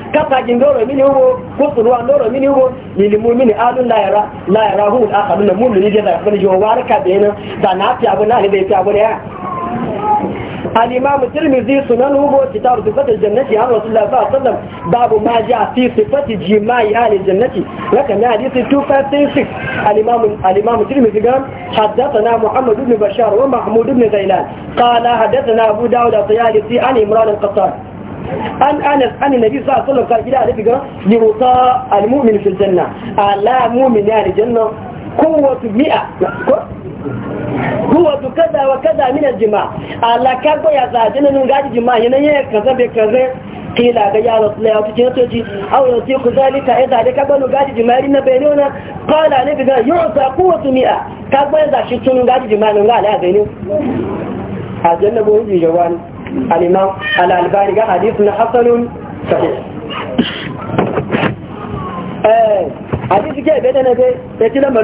mini huo kusuru wa mini huo lili muumini alu la yara la yara huu da ni da na abuna الإمام الترمذي سننه كتاب صفة الجنة عن رسول الله صلى الله عليه وسلم باب ما جاء في صفة جماع أهل الجنة لكن حديث 256 الإمام الإمام الترمذي قال حدثنا محمد بن بشار ومحمود بن غيلان قال حدثنا أبو داود الطيالسي عن عمران القطان أن anas an nabi sa sallallahu alaihi wasallam da figa yuta المؤمن في الجنة ala مؤمن ya janna قوة mi'a huwa tu kaza wa kaza min aljima ala ka ya za jina gaji jima yana ye kaza be kaza kila ga ya rasulullah wato jina toji aw yau ti zalika idza da ka go gaji jima rin na bayani ona qala ne biga yu'ta quwwatu mi'a ka ya za tun gaji jima nun ga ala bayani a janna go yi jawani al-imam al-albani ga hadithun sahih eh ke be da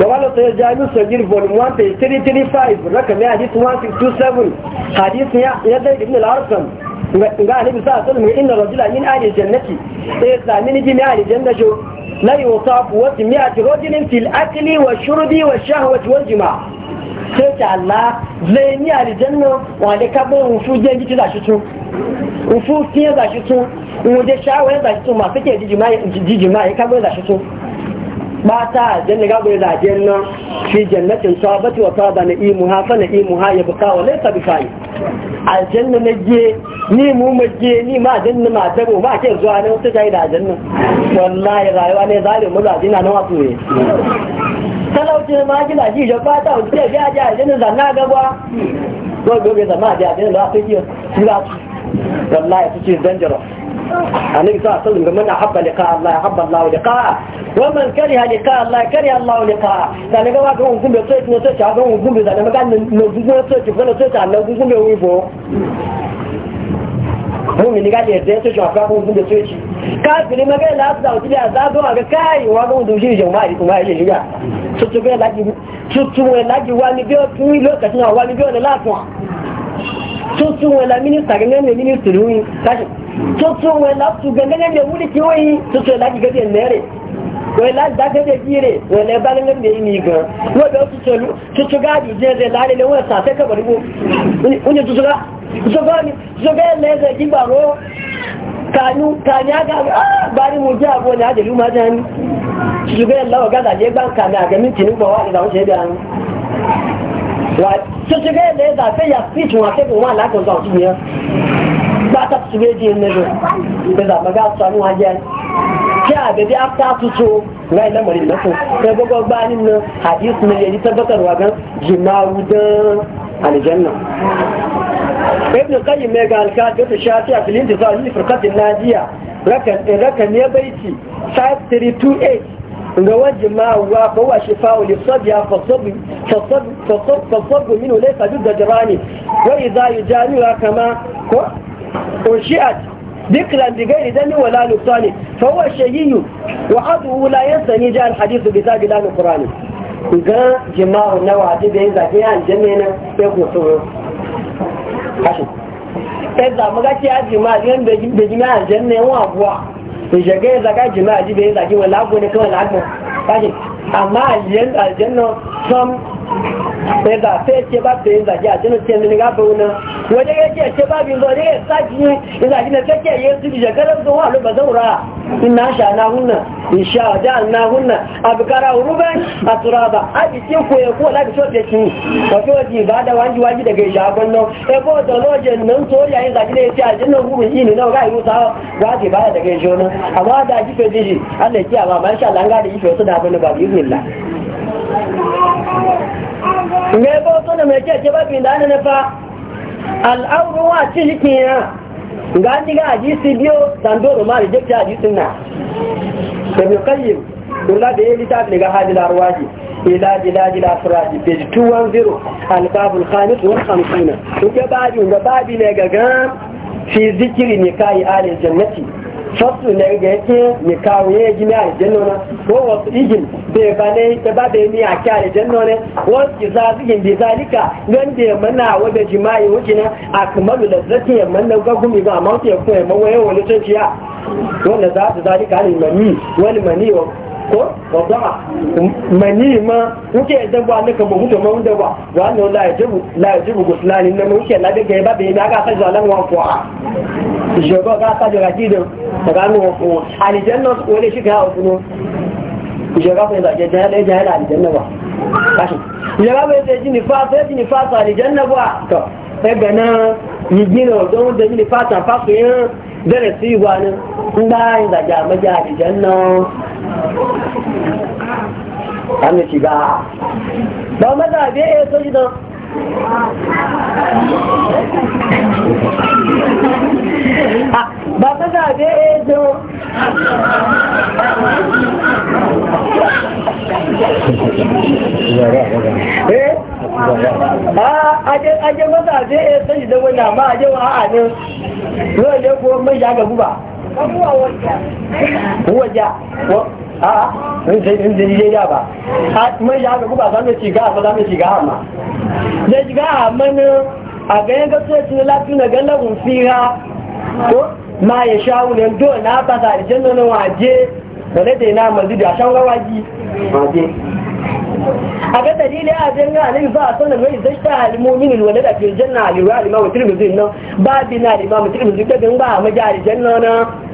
وقال سيد جامع سجير فولم 1 page 1.335, رقم mai حديث 1627 حديث يا يزيد بن الأرقم ga alibi sa sun mu inna rajula min ahli jannati sai da min ji min ahli jannati la yusafu wa mi'ati rajulin fil akli wa shurbi wa shahwati wal jima' sai ta Allah zai ni ahli janna wa da ka bo je ji da shi tun ufu tiye da shi tun mu je shawo da shi tun ma fike ji jima'i ji jima'i ka bo da shi tun bata janna ga bai zaje nan fi jannatin sabati wa saba na imu ha fa na imu ha ya buka wa laysa bi fa'i aljanna na je ni mu maje ni ma janna ma dabo ba ke zuwa ne wata jayi da janna wallahi rayuwa ne zalim mu zaje na nawa to ne talauci ma gina ji ya bata wa ce ga ja janna zanna gaba go go ga zama ja janna ba sai ki wallahi su ce dangerous annabi sa sallam ga man habba liqa Allah habba Allah liqa wa man kariha liqa Allah kariha Allah liqa da ne ga wa ga ngumbe so ne so ta ga ngumbe da ne ga no gugu so ti ko so ta no gugu me wi bo mu ni ga de de so ja ga ngumbe so ti ka bi ma ga la da o za do ma ri ma ri ga so to tuntun wọn la minista gangan ne ministiri wọn kashi tuntun wọn la tu gangan ne wuli ki wọn yi tuntun wọn la ki gafe nere wọn la da gafe jire wọn la ba gangan ne ni gan wọn bɛ tuntun tuntun ka di diɲɛ de laale ne wọn sa fɛ kabali tuntun ka tuntun ka ni tuntun ka lɛsɛ kigbaro kanu kanya ah, bari mu ji abu ne ajalu ma jan tuntun ka lawa gaza je ban kanya ga min tinin da hannu wa tuntun bẹ́ẹ̀ lè dà bẹ́ẹ̀ yà fíìtì wọn akẹ́kọ̀ọ́ wọn aláàkọ̀ọ́ àwọn tìǹyà gbàtà tuntun bẹ́ẹ̀ di ẹnẹ́ lọ bẹ́ẹ̀ dà mẹ́gà sọ àwọn ajẹ́ kí a bẹ̀bí after tuntun láì lẹ́mọ̀rì lọ́tọ̀ bẹ́ẹ̀ gbọ́gbọ́ gbá nínú àdìs mi yẹ nípa bẹ́tẹ̀ wà gan jì máa wù dán àlìjẹ́nà. ابن القيم ميغا الكاتب الشافعي في الانتصار لفرقة الناجية رقم رقم يا بيتي 5328 ga wajen ma'awa ba wa shi fa'uli sabiya fasabu minu lai sabi da jirani wai za yi jami'a kama ko unshi'at ذكرا بغير دم wa نقصان فهو شهي وعضه لا ينسني جاء الحديث بكتاب الله القرآن ga jima'u na waje da ya zafi ya aljanna na ya kusa kashi ɗan zama gaci ya jima'a yan da jima aljanna yan wabuwa ìṣẹ̀gẹ́ ìzàká jìmá àjíbẹ̀ ìzàkí wọn láàgbọ́n ní kí wọ́n láàgbọ́n ẹgbà fẹ́ ṣe bá fẹ́ ìgbàjẹ́ àjẹ́nà tí ẹni nígbà fẹ́ wọn wọ́n jẹ́ jẹ́ ṣe bá bí lọ ní ẹ̀sájì ìgbàjẹ́ fẹ́kẹ́ yẹ sí ìṣẹ́ kẹ́lẹ́ tó wà lóbẹ̀ẹ́ wùrà iná àṣà náhúnà ìṣà ọ̀dá náhúnà àbùkárà òrùbẹ́ àtùràbà àti tí kò yẹ kó láti ṣọ́ọ̀tẹ̀ sí ọ̀fẹ́ òjì ìbáda wájú wájú dẹ̀gẹ̀ ìṣà àgbọn náà ẹgbẹ́ ọ̀dọ̀ náà jẹ nà ń tó yà ń zàjílẹ̀ tí àjẹ́ náà wúrù yìí nínú ọgá ìlú sáà wájú ìbáda dẹ̀gẹ̀ ìṣọ́ náà àmọ́ àdá jífẹ́ dèjì alẹ̀ kí àwọn àmà ń ṣàlàngá me ba to da me ce ba bin da na fa al'auru wa cikin ya ga ni ga hadisi biyo dan do ma reject hadisin na da bi qayyim la da yayi ta daga hadil arwaji ila page 210 al khamis to ga ne ga ga fi zikri al jannati fasu ne ga yake ne kawo ya ji ne aljanna na ko wasu igin bai ba ne ta ba bai ni a ki aljanna ne wasu ki za su gindi zalika nan da ya mana wada jima'i wuce na a kamaru da zaki ya manna gagumi ba amma ya kuma ya mawaye wani tafiya wanda za su zalika alimani wani mani ko wada'a mani ma muke da ba ne kamar mutum mun ba wa no la yajibu la yajibu guslani ne muke la daga ba bai da ka sa zalan wa fu'a je ga ka jira gidan daga no ko aljanna ko ne shiga a y'a je ga fa da je da da aljanna ba kashi je ga bai sai jini fa sai jini fa aljanna ba ẹgbẹ̀ náà yìí náà ọ̀dọ́ ń dẹ̀mí ní fàtà fàfihàn bẹ̀rẹ̀ sí ìwà ni ń bá ìdàjà àmọ́jà àdìjẹ́ náà àmì ìṣìgbà. bàbá mẹ́ta àbí èyí tó náà Ah, ba ta zaɓe eh, eh, ah, aje masa je ya da wani amma aje wa a ne zuwa ne ko mai ya gabu ba wajen a in jini ya ba a mai ya ga guba zama ci gaha ba zama ci gaha ma da ci gaha mana a ganyen gasa ci lafi na galabun fira ko ma ya sha wunan do na ba za a janna na waje da na daina mazu da shan gawaji waje a ga dalili a janga alayhi ba sanan mai zai ta halmumin wanda da ke janna aliwa alimamu tirmidhi nan ba bina alimamu tirmidhi kaga ba majari janna na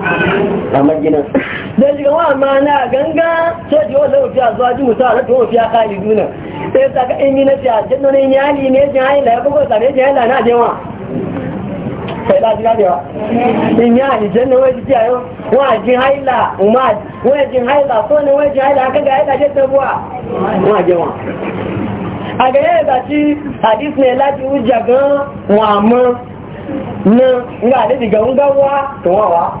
gidan don shiga wa ma ganga sai ji wanda mafiya zuwa ji mutu a rata mafiya kali duna sai sa ka imi na fiya jin nuna yali ne jin hayi la ya kuma sane jin hayi la na jewa sai la jira dewa in ya ni janna wai ji ayo wa jin hayi la umma wai jin hayi la ne wai jin hayi la ga hayi la je wa jewa a ga yadda ci hadis ne lati hujja wa mu na ga da diga ngawa to wa wa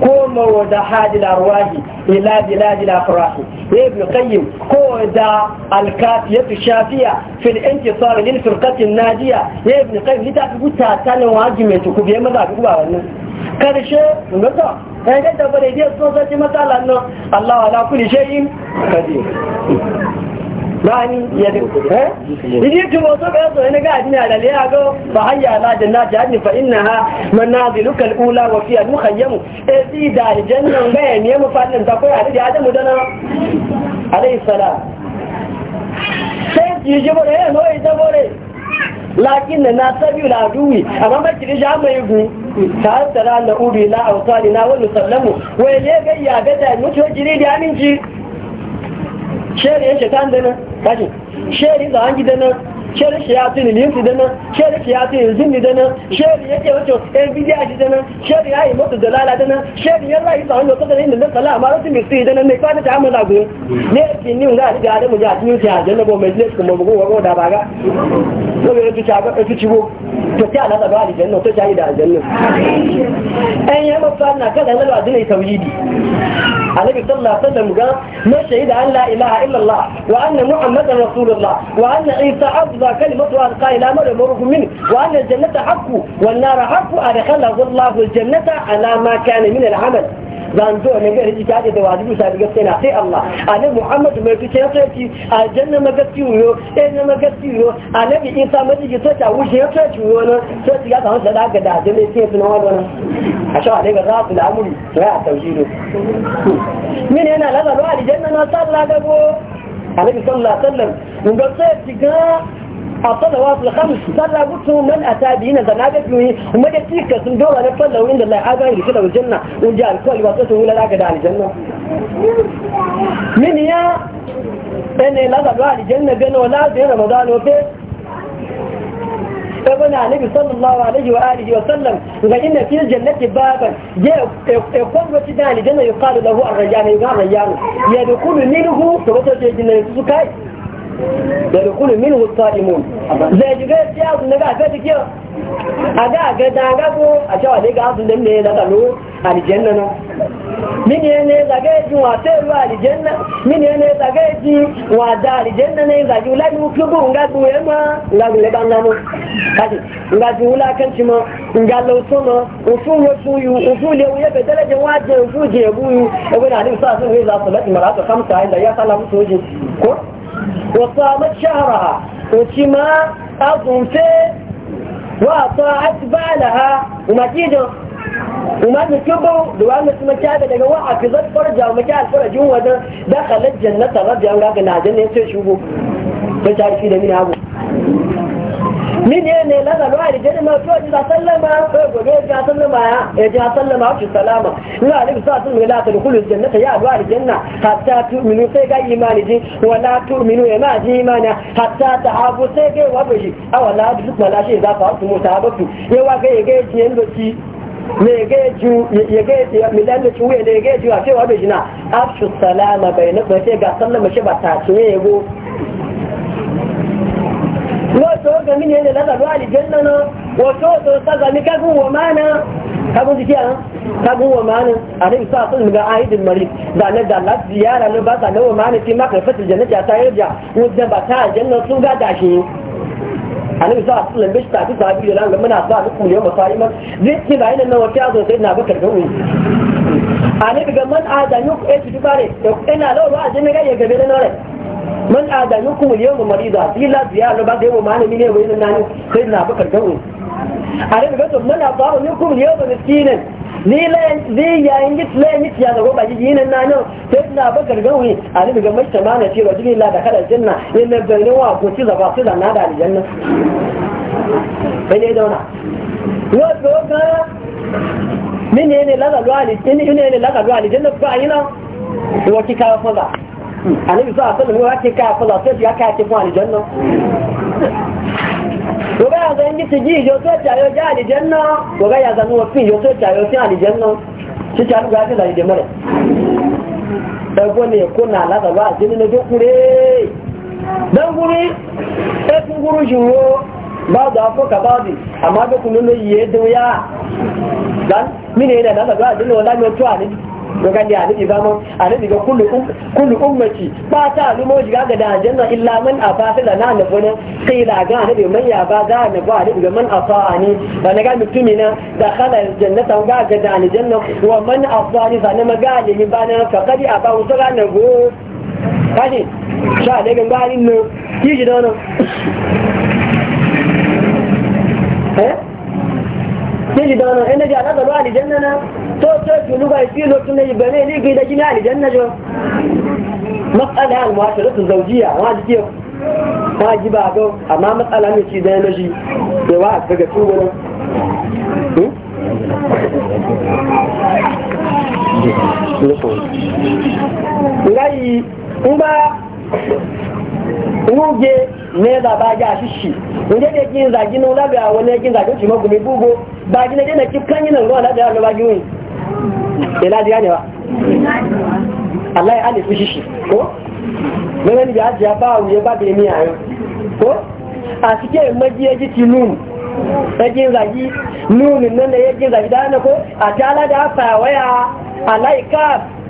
Ko komowa da hajjil arwahi ila biladil afrahi ibn ko da alkafiyatu shafiya fil intisar lil firqatin nadiya ibn qayyim litafi guta tanin wajimatu ku biye maza ku ba wannan karshe ngata ɗan yadda bare dai so sai matsala nan Allah ala kulli shay'in qadir bani ya eh? so da hayya la jannati adni fa innaha manaziluka alula wa e ko lakin na sabi la duwi amma ba ki ja mai gu ta tsara na ubi na autani na sallamu ga ya ga da mutu da aminci sheri ya shaitan da nan kashi sheri za an gida nan shari shayatin ilinsu dana shari shayatin zinni dana shari yake wato ɗan bidiya shi dana shari ya yi masa dalala dana shari ya rayu tsawon da kusa da inda na tsala amma rasu mai su yi dana mai kwata ta amala gun ne ki ni nga ga da mu ja tin ta janna ko mai ne kuma bugu wa da baga ko ya ci ta ba ci cibo to ta ala da ba ali janna to ta yi da janna An ya mafa na kada na ba dinai tauhidi annabi sallallahu alaihi wasallam ga na shaida an la ilaha illallah wa anna muhammadan rasulullah wa anna isa abdu كلمة أن قال لا مر مرق منه وأن الجنة حق والنار حق أدخله الله الجنة على ما كان من العمل لان دو ان غير دي جاد دو ادو سابي گتنا سي الله انا محمد ما في تي تي الجنه ما گتي ويو اين ما گتي ويو انا بي انسا ما دي جتا و شي تي تي ويو انا تي جا تان سدا گدا دي مي تي بنو ودو عشان عليك الراس العمري سوا توجيهه مين هنا لا لا لو الجنه ما صلى لا گو عليه الصلاه من قصه تي الصلوات لخمس صلى قلت من أتى بهن زنادة يوهي وما يتيك سندولا لو وإن الله عبا كده والجنة وجاء الكل وصلته ولا لاقد على الجنة من هي أنا لا تبقى على الجنة بين ولا بين رمضان وفيه ابن النبي صلى الله عليه وآله وسلم وإن في الجنة بابا جاء يقوم بشدان الجنة يقال له الرجال يقال الرجال يدخل منه فبتجد الجنة يسوسكاي يدخل منه الصائمون زي جيجا na نغا فتكيو aga aga ga ko a cewa ga da ne na tsaro aljanna na min ne ne zage ji wa sai ruwa aljanna min ne ne ji wa da aljanna ne zage ni ku bu nga ya ma nga le ban na mu ji kan ci وصامت شهرها وشما أظن وطاعت بالها وما تيجو وما نكبه دوام اسمه كعبة دقوا حفظت فرجة ومكان الفرج هو دخلت جنة ربي أولاك النعجل ينسي شوفه فتعرفين من أبوه mine ne na zaba da jini ma to ji sallama ko gobe ga sallama ya ji sallama ku salama ina da sa sun la ta kullu jannata ya alwa da janna hatta tu minu sai ga imani ji wala tu minu ya ma ji imani hatta ta abu sai ga wabe ji awala duk mala shi za fa su mutabatu yawa ga ga ji yanda ci me ga ju ya ga milan da ciwo da ga ju a shi na jina afshu salama bai na ba sai ga sallama shi ba ta ya go. wato ga mini ne lalla ba Alijanna na wato to saga ni kagun wa mana kagun dikiya na kagun wa mana alai sa sun ga aidil mari da na da Allah ziyara ne ba ta na wa mana ti maka fatil jannati ta yarja wajen ba ta janna sun ga dashi annabi sa sallan bishi ta sa sahabi da langa muna sa duk kuliyar masaiman zai ci ba yana nawa ta zo sai na bakar da uyi annabi ga man adanu ko e ti bare ina e e lawa ajin ga ya gabe da nore man adalukum al-yawma marida ila ziyara ba da malami ne wai nan sai na bakar gawo a rai ga to man adalu minkum al-yawma ni la ya ingi la ni ya da goba ji yinan nan sai na bakar gawo a rai ga mai tamana ce rajuli la da kada janna yana wa ko ci na da aljanna bai ne dauna yo to ga mini ne la ga lo ali ne ne la ga lo ali janna ba yana wa kika fa annabi sa sallallahu alaihi wasallam ka fa sai ya ka ce mu aljanna to ga zan yi tiji yo to ta yo ja aljanna to ga ya zan mu fi yo to ta yo ta aljanna ci ta ga ta da mare da gone kuna la da ba ne dokure dan guri e kun guru ba da ko ka ba di amma da kun ne yi da ya dan mine ne da da ba wala ne to ani ga da annabi ga mun annabi ga kullu um- kullu ummati ba ta ga da janna illa man afa da na na bana sai da ga annabi man ya ba ga na ba annabi ga man afa ani ba na ga mutumi na da khala jannata ga ga da janna wa man afa ni fa na magali ni ba na fa kadi aba usala na go kaji sha da eh? ga ngani no kiji da eh da ga da ba ni janna na to to ki luga fi lokacin da ibane ne ga da jini aljanna jo mas'ala al mu'asharatu zawjiyya wajibi ta ji ba ga amma matsala ne ci da loji da wa ka ga tuwa ngai ngba nwoge mẹ́ta bá já ṣíṣì ǹjẹ́ lè kí n zàgínú lábẹ́ àwọn ẹgbẹ́ ìzàgínú ti na gbogbo bá jí na lẹ́kí kányínà lọ́wọ́ lábẹ́ àlọ́bájú yìí sai ladi ya ne ba Allah ya alifu shi shi ko mẹ́rin bí ajiya bá wuye bá bèé ní àárín ko a cike maji ya ji tinun yajin zagi nunin nan da yajin zagi da ko a tala da fawaya alaikaf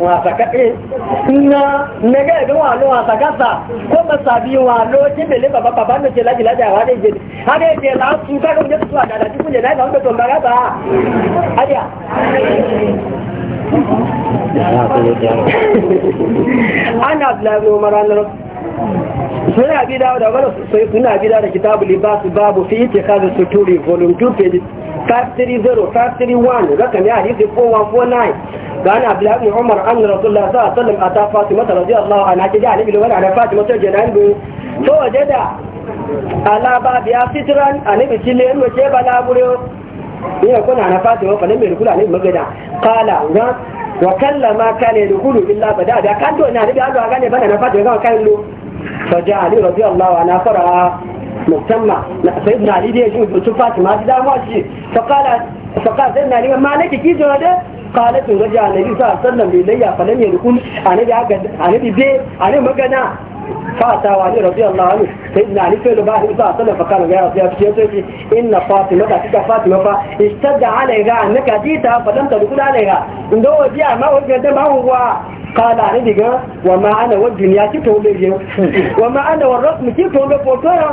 wasakaɗe na mega ibi wa lo wasakasa ko masabi wa lo ti bele baba baba no je laji laji awa de je ha de je la su ka do je su ada da ti kunje na da on to mara ba adia ana abla umar an suna gida da wani sai suna gida da kitabu libasu babu fi ite kaza suturi volume 2 page 530 531 zaka ne hadisi 4149 ga ana bilal ibn umar an rasulullah sallallahu alaihi wasallam ata fatima radiyallahu anha ke da alibi wani ana fatima ta je dan bu to waje da ala ba biya fitran alibi cile mu ce bala gure ni ko na ana fatima fa ne mai kula ne magada kala ga wa kallama kana yadkhulu illa bada da kan to na riga ga gane bana na fatima ga kan lu فجاء علي رضي الله عنه فرأى مجتمع سيدنا علي دي يجوز تفات ما دا ماشي فقال فقال سيدنا علي ما لك كي جوده قالت رجع النبي صلى الله عليه وسلم الي فلم يدخل انا دي انا دي دي انا مغنى فاتا علي رضي الله عنه سيدنا علي في بعد صلى الله عليه وسلم فقال يا رضي الله ان فاطمه تك فاطمه فاشتد عليها انك جيتها فلم تدخل عليها ان دو جاء ما وجد ما هو kala ni diga wa ma ana wa duniya ki to be je wa ma ana wa rasmi ki to be foto ya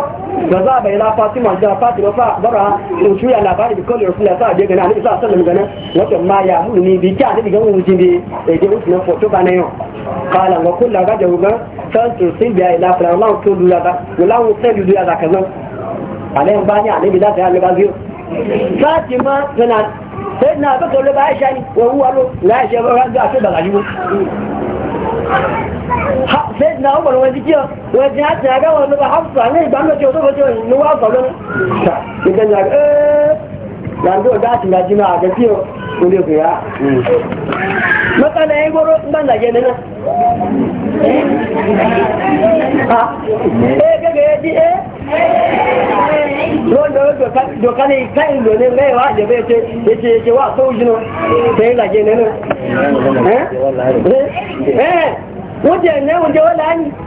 da za bai la fatima da fatima fa bara in su ya labari bikon rasul sa je gana ni sa sallam gana wato ma ya mu ni bi ta ni diga mu jin bi e je na foto ba ne yo kala wa kullu ga da ga san to sin biya ila fa Allah to dula da wala wa sai dula da kaza alai ba ni alai bi da ya le ba zio fatima tana sai na baka lo ba aisha ni wa huwa lo ba ga sai ba gajibo sai na wani kiyo wani ya wani ba hafsa ne ba mu ce to ba ce ni ta idan ya eh yanzu ga gashi na jima a gafiyo kule ku ya Na hmm. ya goro ban zage na ha eh gaga ya ji eh Rondo doka ne kayan donin raiwa da bai ce ya ce ya ce wa sau jino sai zage na nan hmm. eh eh wuce ne wuce wala ni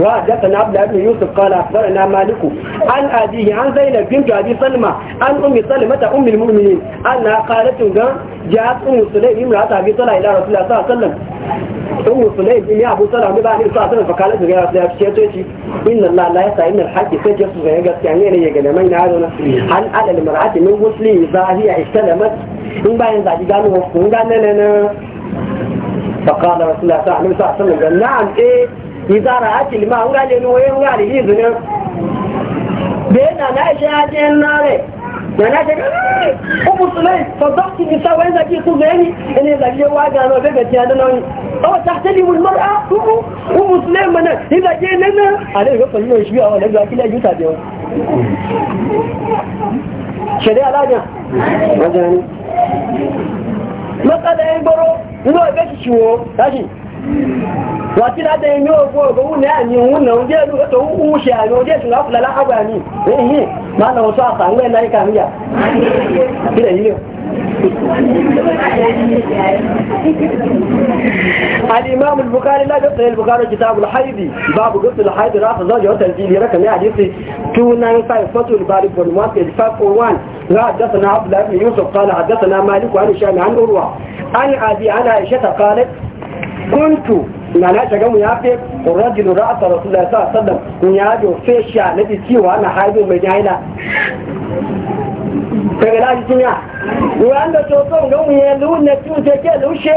وحدثنا عبد الله بن يوسف قال أخبرنا مالك عن أبيه عن زينب بنت أبي سلمى عن أم سلمة أم المؤمنين أنها قالت جاءت أم سليم امرأة أبي طلع إلى رسول الله صلى الله عليه وسلم أم سليم بن أبو طلع بن ابي الله فقالت يا رسول الله إن الله لا يسعى إن الحج سجف غير يعني يا جماعه من ينعادنا هل على المرأة من مسلم إذا هي استلمت إن بعد ذلك قالوا وفقوا لنا فقال رسول الله صلى الله عليه وسلم نعم إيه iza ra'ati lima an gaje ni wayan ga aliji zuna da yana na ishe ajiyar nare da na shiga ko musulmai fa zakki ni sa wayan zaki su gani ina zaki wa ga no daga tiya da nan aw tahtali wal mar'a ko musulmai mana ina je nan ale ga fa ni shi a wannan zaki la yuta da shari'a lafiya wajen matsala ya baro ina ga shi ciwo tashi wàtí láti ẹni ọgbọ́ ọgbọ́n ní àmì òun náà jẹ́ ẹlú ẹ̀tọ́ òun ṣe àmì ọjọ́ ìṣúná fúnlá lágbà ní èyí máa lọ sọ àtàwọn ẹ̀ láyé kàmíyà kílẹ̀ yìí الإمام البخاري لا يقتل البخاري كتاب الحيض باب قتل الحيض راف زوج وتنزيل رقم حديث 295 فتو الباري بولمات 541 حدثنا عبد الله بن يوسف قال حدثنا مالك عن هشام عن أروى عن أبي عن عائشة قالت kuntu na na shaga mu ya fe rajulu ra'sa rasulullahi sallallahu alaihi wasallam mun ya jo fe sha na bi cewa na haido mai jahila daga da shi tinya ruwan da to son ga mu ya lu na tu ke lu she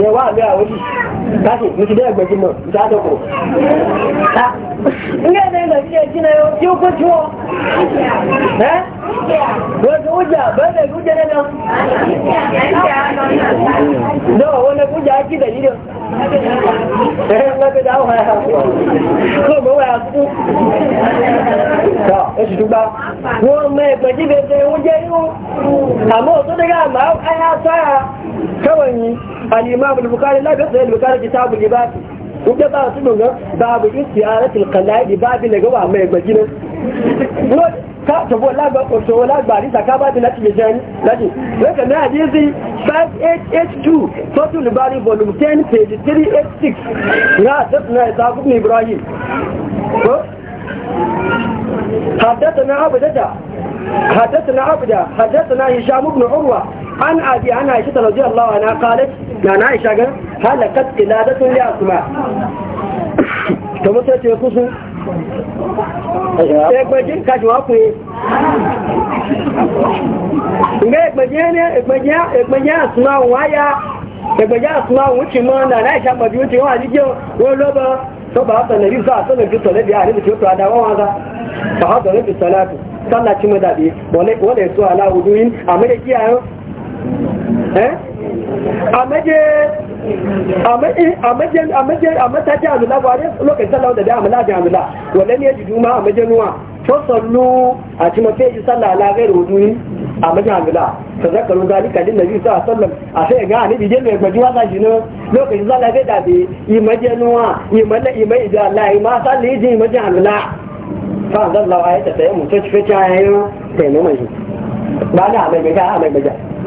yẹ wá àgbẹ̀ àwọn yìí láti mo ti dé ẹgbẹ́ jí mọ̀ ìta àdókò. Ilé ẹ̀dẹ́ ìgbà tí ẹjí náà yóò tí ó kó jú ọ. Ẹ́ wọ́n ti wújà bẹ́ẹ̀ lè wújà náà. Dọ́wọ̀ wọn lè wújà ájí lè yíyọ. Ẹ lọ́pẹ́ dá wà á kú. Kúrò mọ́ wà á kú. Tọ́ oṣù tó kawai al-imam al-bukhari la bi al-bukhari kitabul libas kuka ba su dunga babu istiyaratul qalai babu daga wa mai bajina ka tabo lagba ko lagbari saka ba ti lati jeni lati ka na hadisi 5882 total bari volume 10 page 386 na sabna yaqub ibrahim ko حدثنا عبدة حدثنا عبدة حدثنا هشام بن عروة an abi ana aisha ta lawa na kalit na na aisha gan halakat kiladatun ya kuma ta mutu ce kusu ẹgbẹ̀jẹ́ kájú wá pé ǹgbẹ́ ẹgbẹ̀jẹ́ àtúnmá òun áyá ẹgbẹ̀jẹ́ àtúnmá òun ti ma nà láìsá pẹ̀lú ti wọ́n àdíjẹ́ wọ́n lọ́bọ̀ tó bá ọ̀tọ̀lẹ̀ rí sáà tó lè fi tọ̀lẹ̀ bí i àríbi tí ó tọ́ wọn a mataji amula ba ne lokacin da da ne ji juma a majanuwa to sallu a ci mafi yi sallah ta zakaru a sai ga ni mai gwaji ne lokacin sallah zai da Allah ma ji fa ta ta yayin shi ba mai mai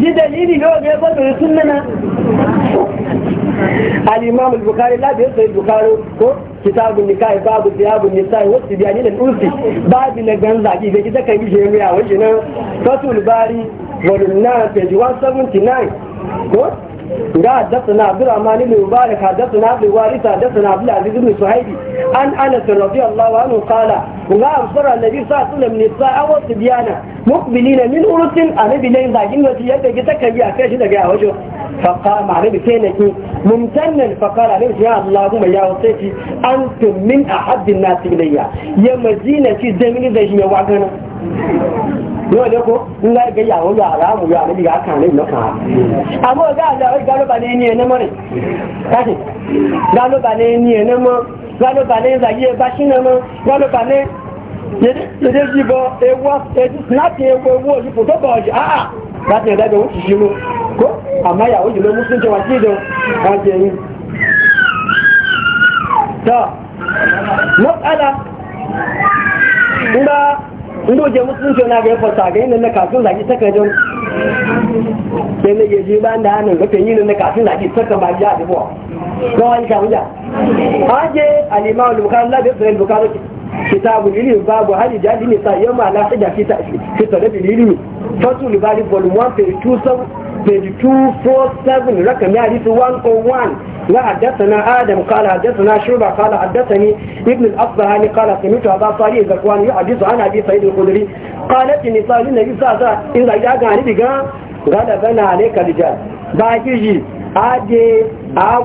ji dalili ne wanda ya bada sunnana al-imam al-bukhari la bi sai bukhari ko kitabun nikahi babu siyabun nisa'i wa tibyani lil ursi babu na ganza ki ga kita kai je mai a wajen fatul bari wal nas 179 ko ga haddathana abdurrahman ibn mubarak haddathana abu waris haddathana abu aziz ibn suhaibi an anas radiyallahu anhu qala ga amsara annabi sallallahu alaihi wasallam ni sa awu tibyana muqbilina min urusin annabi lai zagin wasi yadda ki taka yi akai shi daga ya wajo fa qama annabi sai naki mumtannan fa qala annabi ya allah kuma ya wasaiti antum min ahaddin nasi ilayya ya madina ki zamini da shi ya wagana yóò lé ko ńlá ìgbéyàwó yà aráàmù yà níbi yà kàn lẹ́yìn lọ́kàn àmọ́ ọ̀gá àgbà ọ̀gá ló bá ní ẹni ẹni rẹ̀ káṣí gá ló bá ní ẹni ẹni mọ́ ló bá ní ẹgbà ló ní ewu láti ewu ewu òṣùpù tó bọ̀ ọ̀jọ̀ áà láti ẹ̀dá ìgbà Amaya ṣe mọ́ kó inda wajen musulunci na ga yafarsa ga yin na kafin zaki saka jan sai na yaji ba da hannun rufin yin na kafin zaki saka ba ya da buwa ga wani kamun ja aje alimawar bukari labe fayil bukari kitabul ilmi babu hali jadi ne sa yamma na sada fi ta fi ta rabi ilmi fatul bari volume 1 page 247 rakam ya hadisi 101 لا حدثنا آدم قال حدثنا شعبة قال حدثني ابن الأصبهاني قال سمعت أبا صالح زكوان يحدث عن أبي سعيد الخدري قالت النساء للنبي صلى الله عليه وسلم إذا جاء عن بقى غلبنا عليك الرجال باقي جي أدي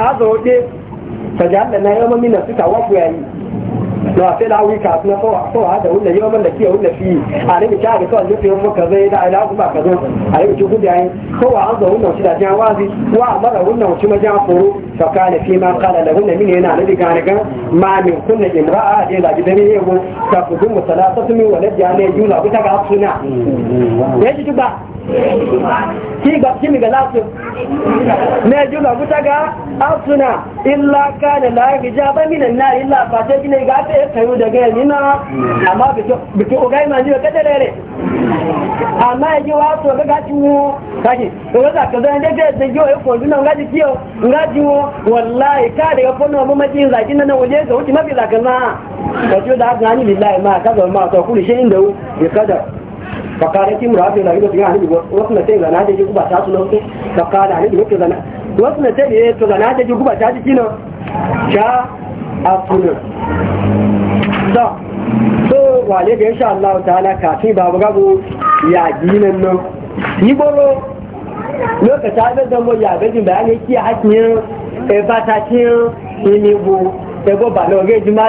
أزوجي فجعلنا يوم من السكة وفياني na sai da wika na fawa da wanda yau man da kiyo wanda fi a ne ta ga kawai yau mun ka zai da ila kuma ka zo a yau da gudu ai fawa an zo wannan shi da jan wazi wa mara wannan shi majan furu fa kana fi ma qala lahu min yana da diga ga ma min kunna imra'a da da gidan ne ko ta fudu musalatatu min walad ya ne yula ta ga suna yaji kimi ga lasu na ji ga guta ga asuna illa ka da lagi jaba minan na illa fata gina ga ta daga na amma ogai ma ka dare amma ya ga ga ka zan ji ko ga ji kiyo ga ji wo wallahi ka da ko no za waje ga ka ji da ga ni ma ka ma to kullu da فقالت امرأة لا يبقى يعني وصنا تين لنا تجي قبا تاسو لو فقال يعني بيك لنا وصنا تين لنا تجي قبا تاسو كينا شاء أفنا da so wale da insha Allah ta'ala kafin babu gabu ya ginin nan yi boro lokacin da zan ya gajin bayanai kiya hakin e ba ta kin ni bo e go ba na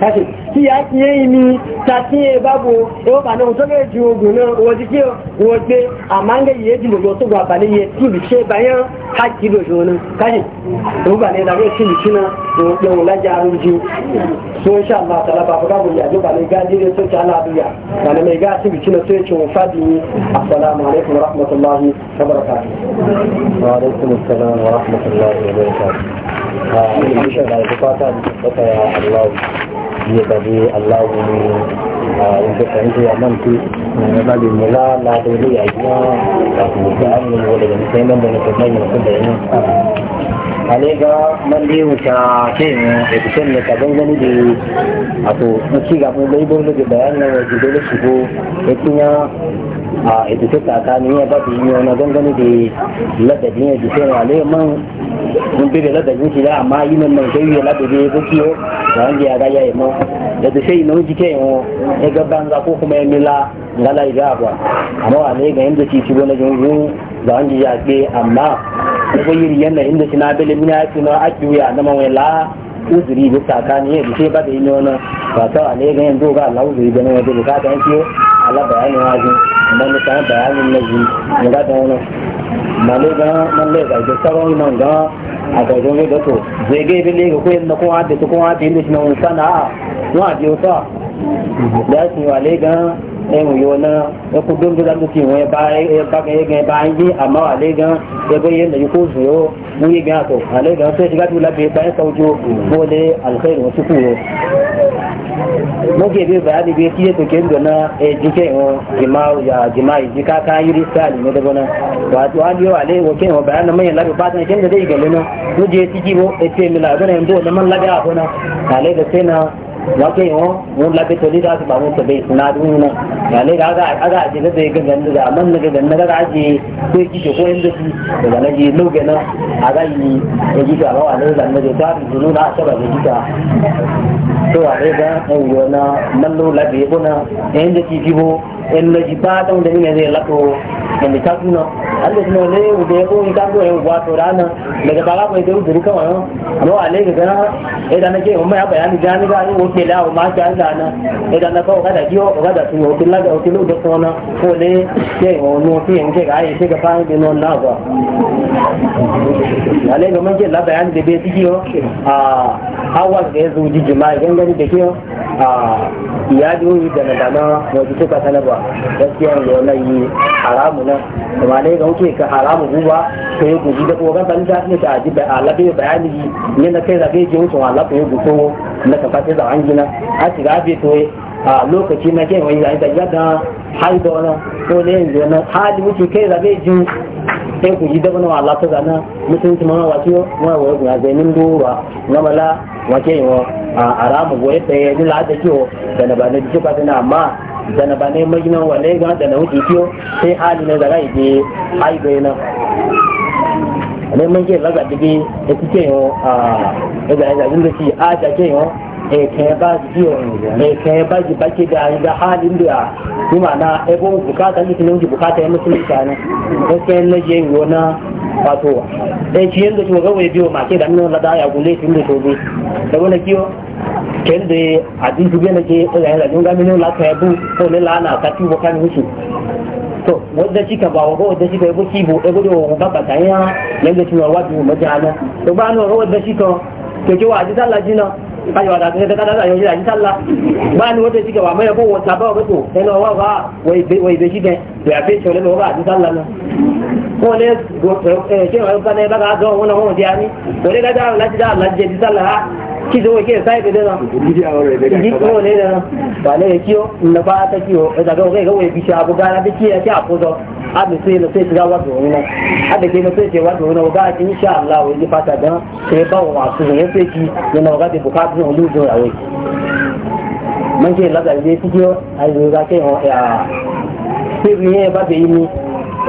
kashi kí a ti yẹ́yìn mi tàbí ìbábo ẹwọ́ pàdé òun tó lè ju ogun náà wọ́n ti kí wọ́n gbé àmáńgẹ́ yìí èjì lòjò tó gbà pàdé yẹ tí ìbìṣẹ́ báyán káàkiri lòjò náà káyì òun pàdé ìdàgbé tí ìbìṣí náà òun pé lájà arú ju tó ń ṣàmà àtàlábà àfọkábò ní asàlámù alaykum wa a yẹ tàbí aláwọ̀ ní ìgbésẹ̀ na. ìyá náà tí ìyẹn bá lè mú láàlá ilé àjọ àtìgbà ní ìwọlẹ̀ na náà bẹ̀rẹ̀ pẹ̀lú ẹ̀yìn tó bẹ̀rẹ̀ náà. Alega mande wuta ke edition ne ka gan gani da na ci gaban laibon da bayanan wajen da shigo ya kinya a ita tsakanin ya ba ta yi wani gangane da ladadin ya jise na alayyar man mun fi da ladabin shi da amma yi nan nan yi ya ya zuki yau da wanda ya gaya yi man da ta sai nan jike yau ya ga banza ko kuma ya mila lai ya gaba amma wa ne ga yadda ci ci gona jinjin da wanda ya ke amma ya ko yiri yanda inda shi na bele mina ya ci na aki wuya na mawai la uzuri da tsakanin ya jike ba da yi wani ba ta wa ne ga yadda ga Allah uzuri da na wajen bukata yanki ala bayanin wajen manufa bayanin lazi ga da wani male ga male ga da tsaron nan ga a gajon ne da to zai ga ibi ne ga koyin na kuma da su kuma da yin da shi na wani sana'a wani a sa da su wale gan ẹ̀hùn yóò náà ẹkùn dóńdó láti fi wọn ẹba ẹgbẹ́ ẹba ń gbé àmọ́ wale gan ẹgbẹ́ yẹ lẹ́yìn kó sùn yóò mú yé gan àtọ̀ wale gan fẹ́ẹ́ sígájú lábẹ́ ẹba sọ́jú wọlé alùpẹ́ ìrìn jíkẹ́ ìwọ̀n jìmá jìmá sáàlì náà wọ kí ìwọ̀n lábẹ́ náà ló jẹ́ wọ́n ké wọn wọn labẹ́ tó ní dáàtì bàwọn tó bẹ́ẹ̀ sùnà na náà yàrá ga aga aga àti ne bẹ́ẹ̀ gẹ́gẹ́ ní da àmọ́ ne gẹ́gẹ́ ní da àti bẹ́ẹ̀ kí ṣe kó ẹ̀ ń dẹ́sí ìgbà náà yìí ló gẹ̀ náà aga yìí èyí tó àbáwá ní ìgbà náà tó àbí dùnú náà sọ̀rọ̀ èyí tó a tó wà ní gan ẹ̀yọ́ náà mẹ́lò labẹ́ bó náà ẹ̀ ń dẹ́sí fi bó ẹ̀ ń lọ́jì bá tó ń dẹ́sí da suna ne da ya koyi ka zo ya wato rana daga tsara mai da ruburu kawai no ale ga gana idan nake mun ya bayani jami'a ne kele awo ma ja na na na ko le na ale ma ya de be tigi yɔ aa zu ni e de ke iya o yi mo ka sana ba e na yi haramu na e ga ka haramu da ji ba na ko na ka da an a to a lokaci na ke wani zai zai yadda har da wani ko ne yanzu wani hali wuce kai zabe jin sai ku da wani wala ta zana mutunci wace wani na mala wace wa a aramu gore yi da da na bane jiki ka na amma da na bane maginan wale ga da na wuce sai hali na zara na ne mun ke laga dige da yo a da da a da ke yo kai ba ji baki da da halin da kuma na ebo bukata ne tunan bukata ya musulunci ne gaskiya na je yi wani wato ci yanzu ga wai biyo ma ke da da ya gule tun da tobe da wani kiyo ken da a ji su gina ke ɗaya la ko ne la na ka tubo kan wuce to wadda shi ka ba wa ka yabo kibo ɗaya gudu wa babba ta ya yanzu shi wa wabi wa majana to ba nuna wadda shi ke ke wa a ji tallaji na ayo da ta kada da yoyi da ba ni wata shiga ba mai ko wata ba ko to sai na wa ba wai wai da shi ya wọn lé wani wọn bá náà bá ká dán wọn náà wọn di àní wọn lé dáadáa láti dáa láti jẹ dísà lára kí tó wọ́n kí ẹ̀ sáyẹ̀ dédé náà ìdí tó wọ́n lé dáná wà lé kí ó nà bá tẹ́ kí a ẹ̀dà gbọ́ kí ẹ̀wọ̀n ki àbúgá láti kí ẹ̀ kí àkójọ àbẹ̀sẹ̀ lọ sí ìṣẹ́gá wàdùn òun náà àbẹ̀sẹ̀ lọ sí ìṣẹ́ wàdùn òun náà wọ́n bá ti ń ṣe àlá òun ní pátá dán ṣe bá wọn àtúnṣe yẹn fẹ́ kí nínú ọ̀gá ti bùkátù òun ló dùn ìyàwó yìí. mọ́ṣẹ́ ìlàgbà ilé tí kí ó àìsàn ìgbà yi ẹ̀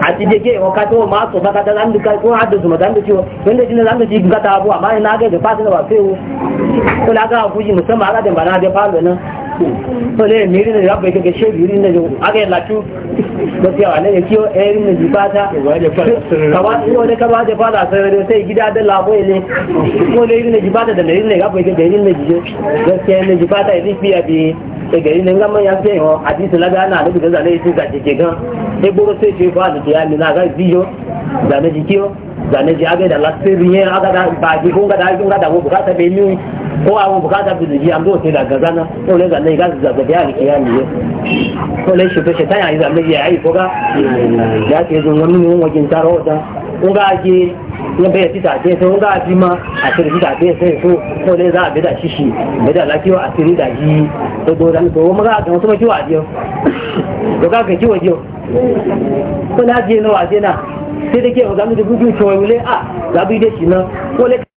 ati jege wakati wa maso baka da zandu kai ko hadda su madan da ciwo wanda jin zandu ji gata abu amma ina ga da fatin ba sai ko la ga ku ji musamman ga da bana da falo nan so ne miri ba rabba yake gashe yuri ne aka yi latu gaskiya wa ne ya kiyo eri eh, ne ji fata kawa ko ne kaba da sai ne sai gida da labo ne ko ne yuri ne ji ta da ne ne ke yake gari ne ji gaskiya ne ji fata idan fiya bi da gari ne ga manya sai ho hadisi la ga na da gaza ne sai ga ke gan sai boro sai ce fa da ya ne na ga yo. zane ji kiyo zane ji aga da lasiri riye aga da baki ko ga da ko ga da ko ta be ni ko a buka ta bi ji am do te da ga zana ko le zane ga za ga ya ni ya ni ko le shi fice ta yayi zane ya yi ko ga ya ke zo wani mun jin taro da ko ga ji ne bai tita ce sai ko ga ji ma a tiri tita ce sai so ko le za be da shi shi be da kiyo a tiri da ji to do dan ko mu ga ga so ma kiwa ji ko ga ga kiwa ji ko na ji no wa ji na sai ah, da ke ọ̀gá mi ti gúgú ìṣòro ilé à lábí dé sí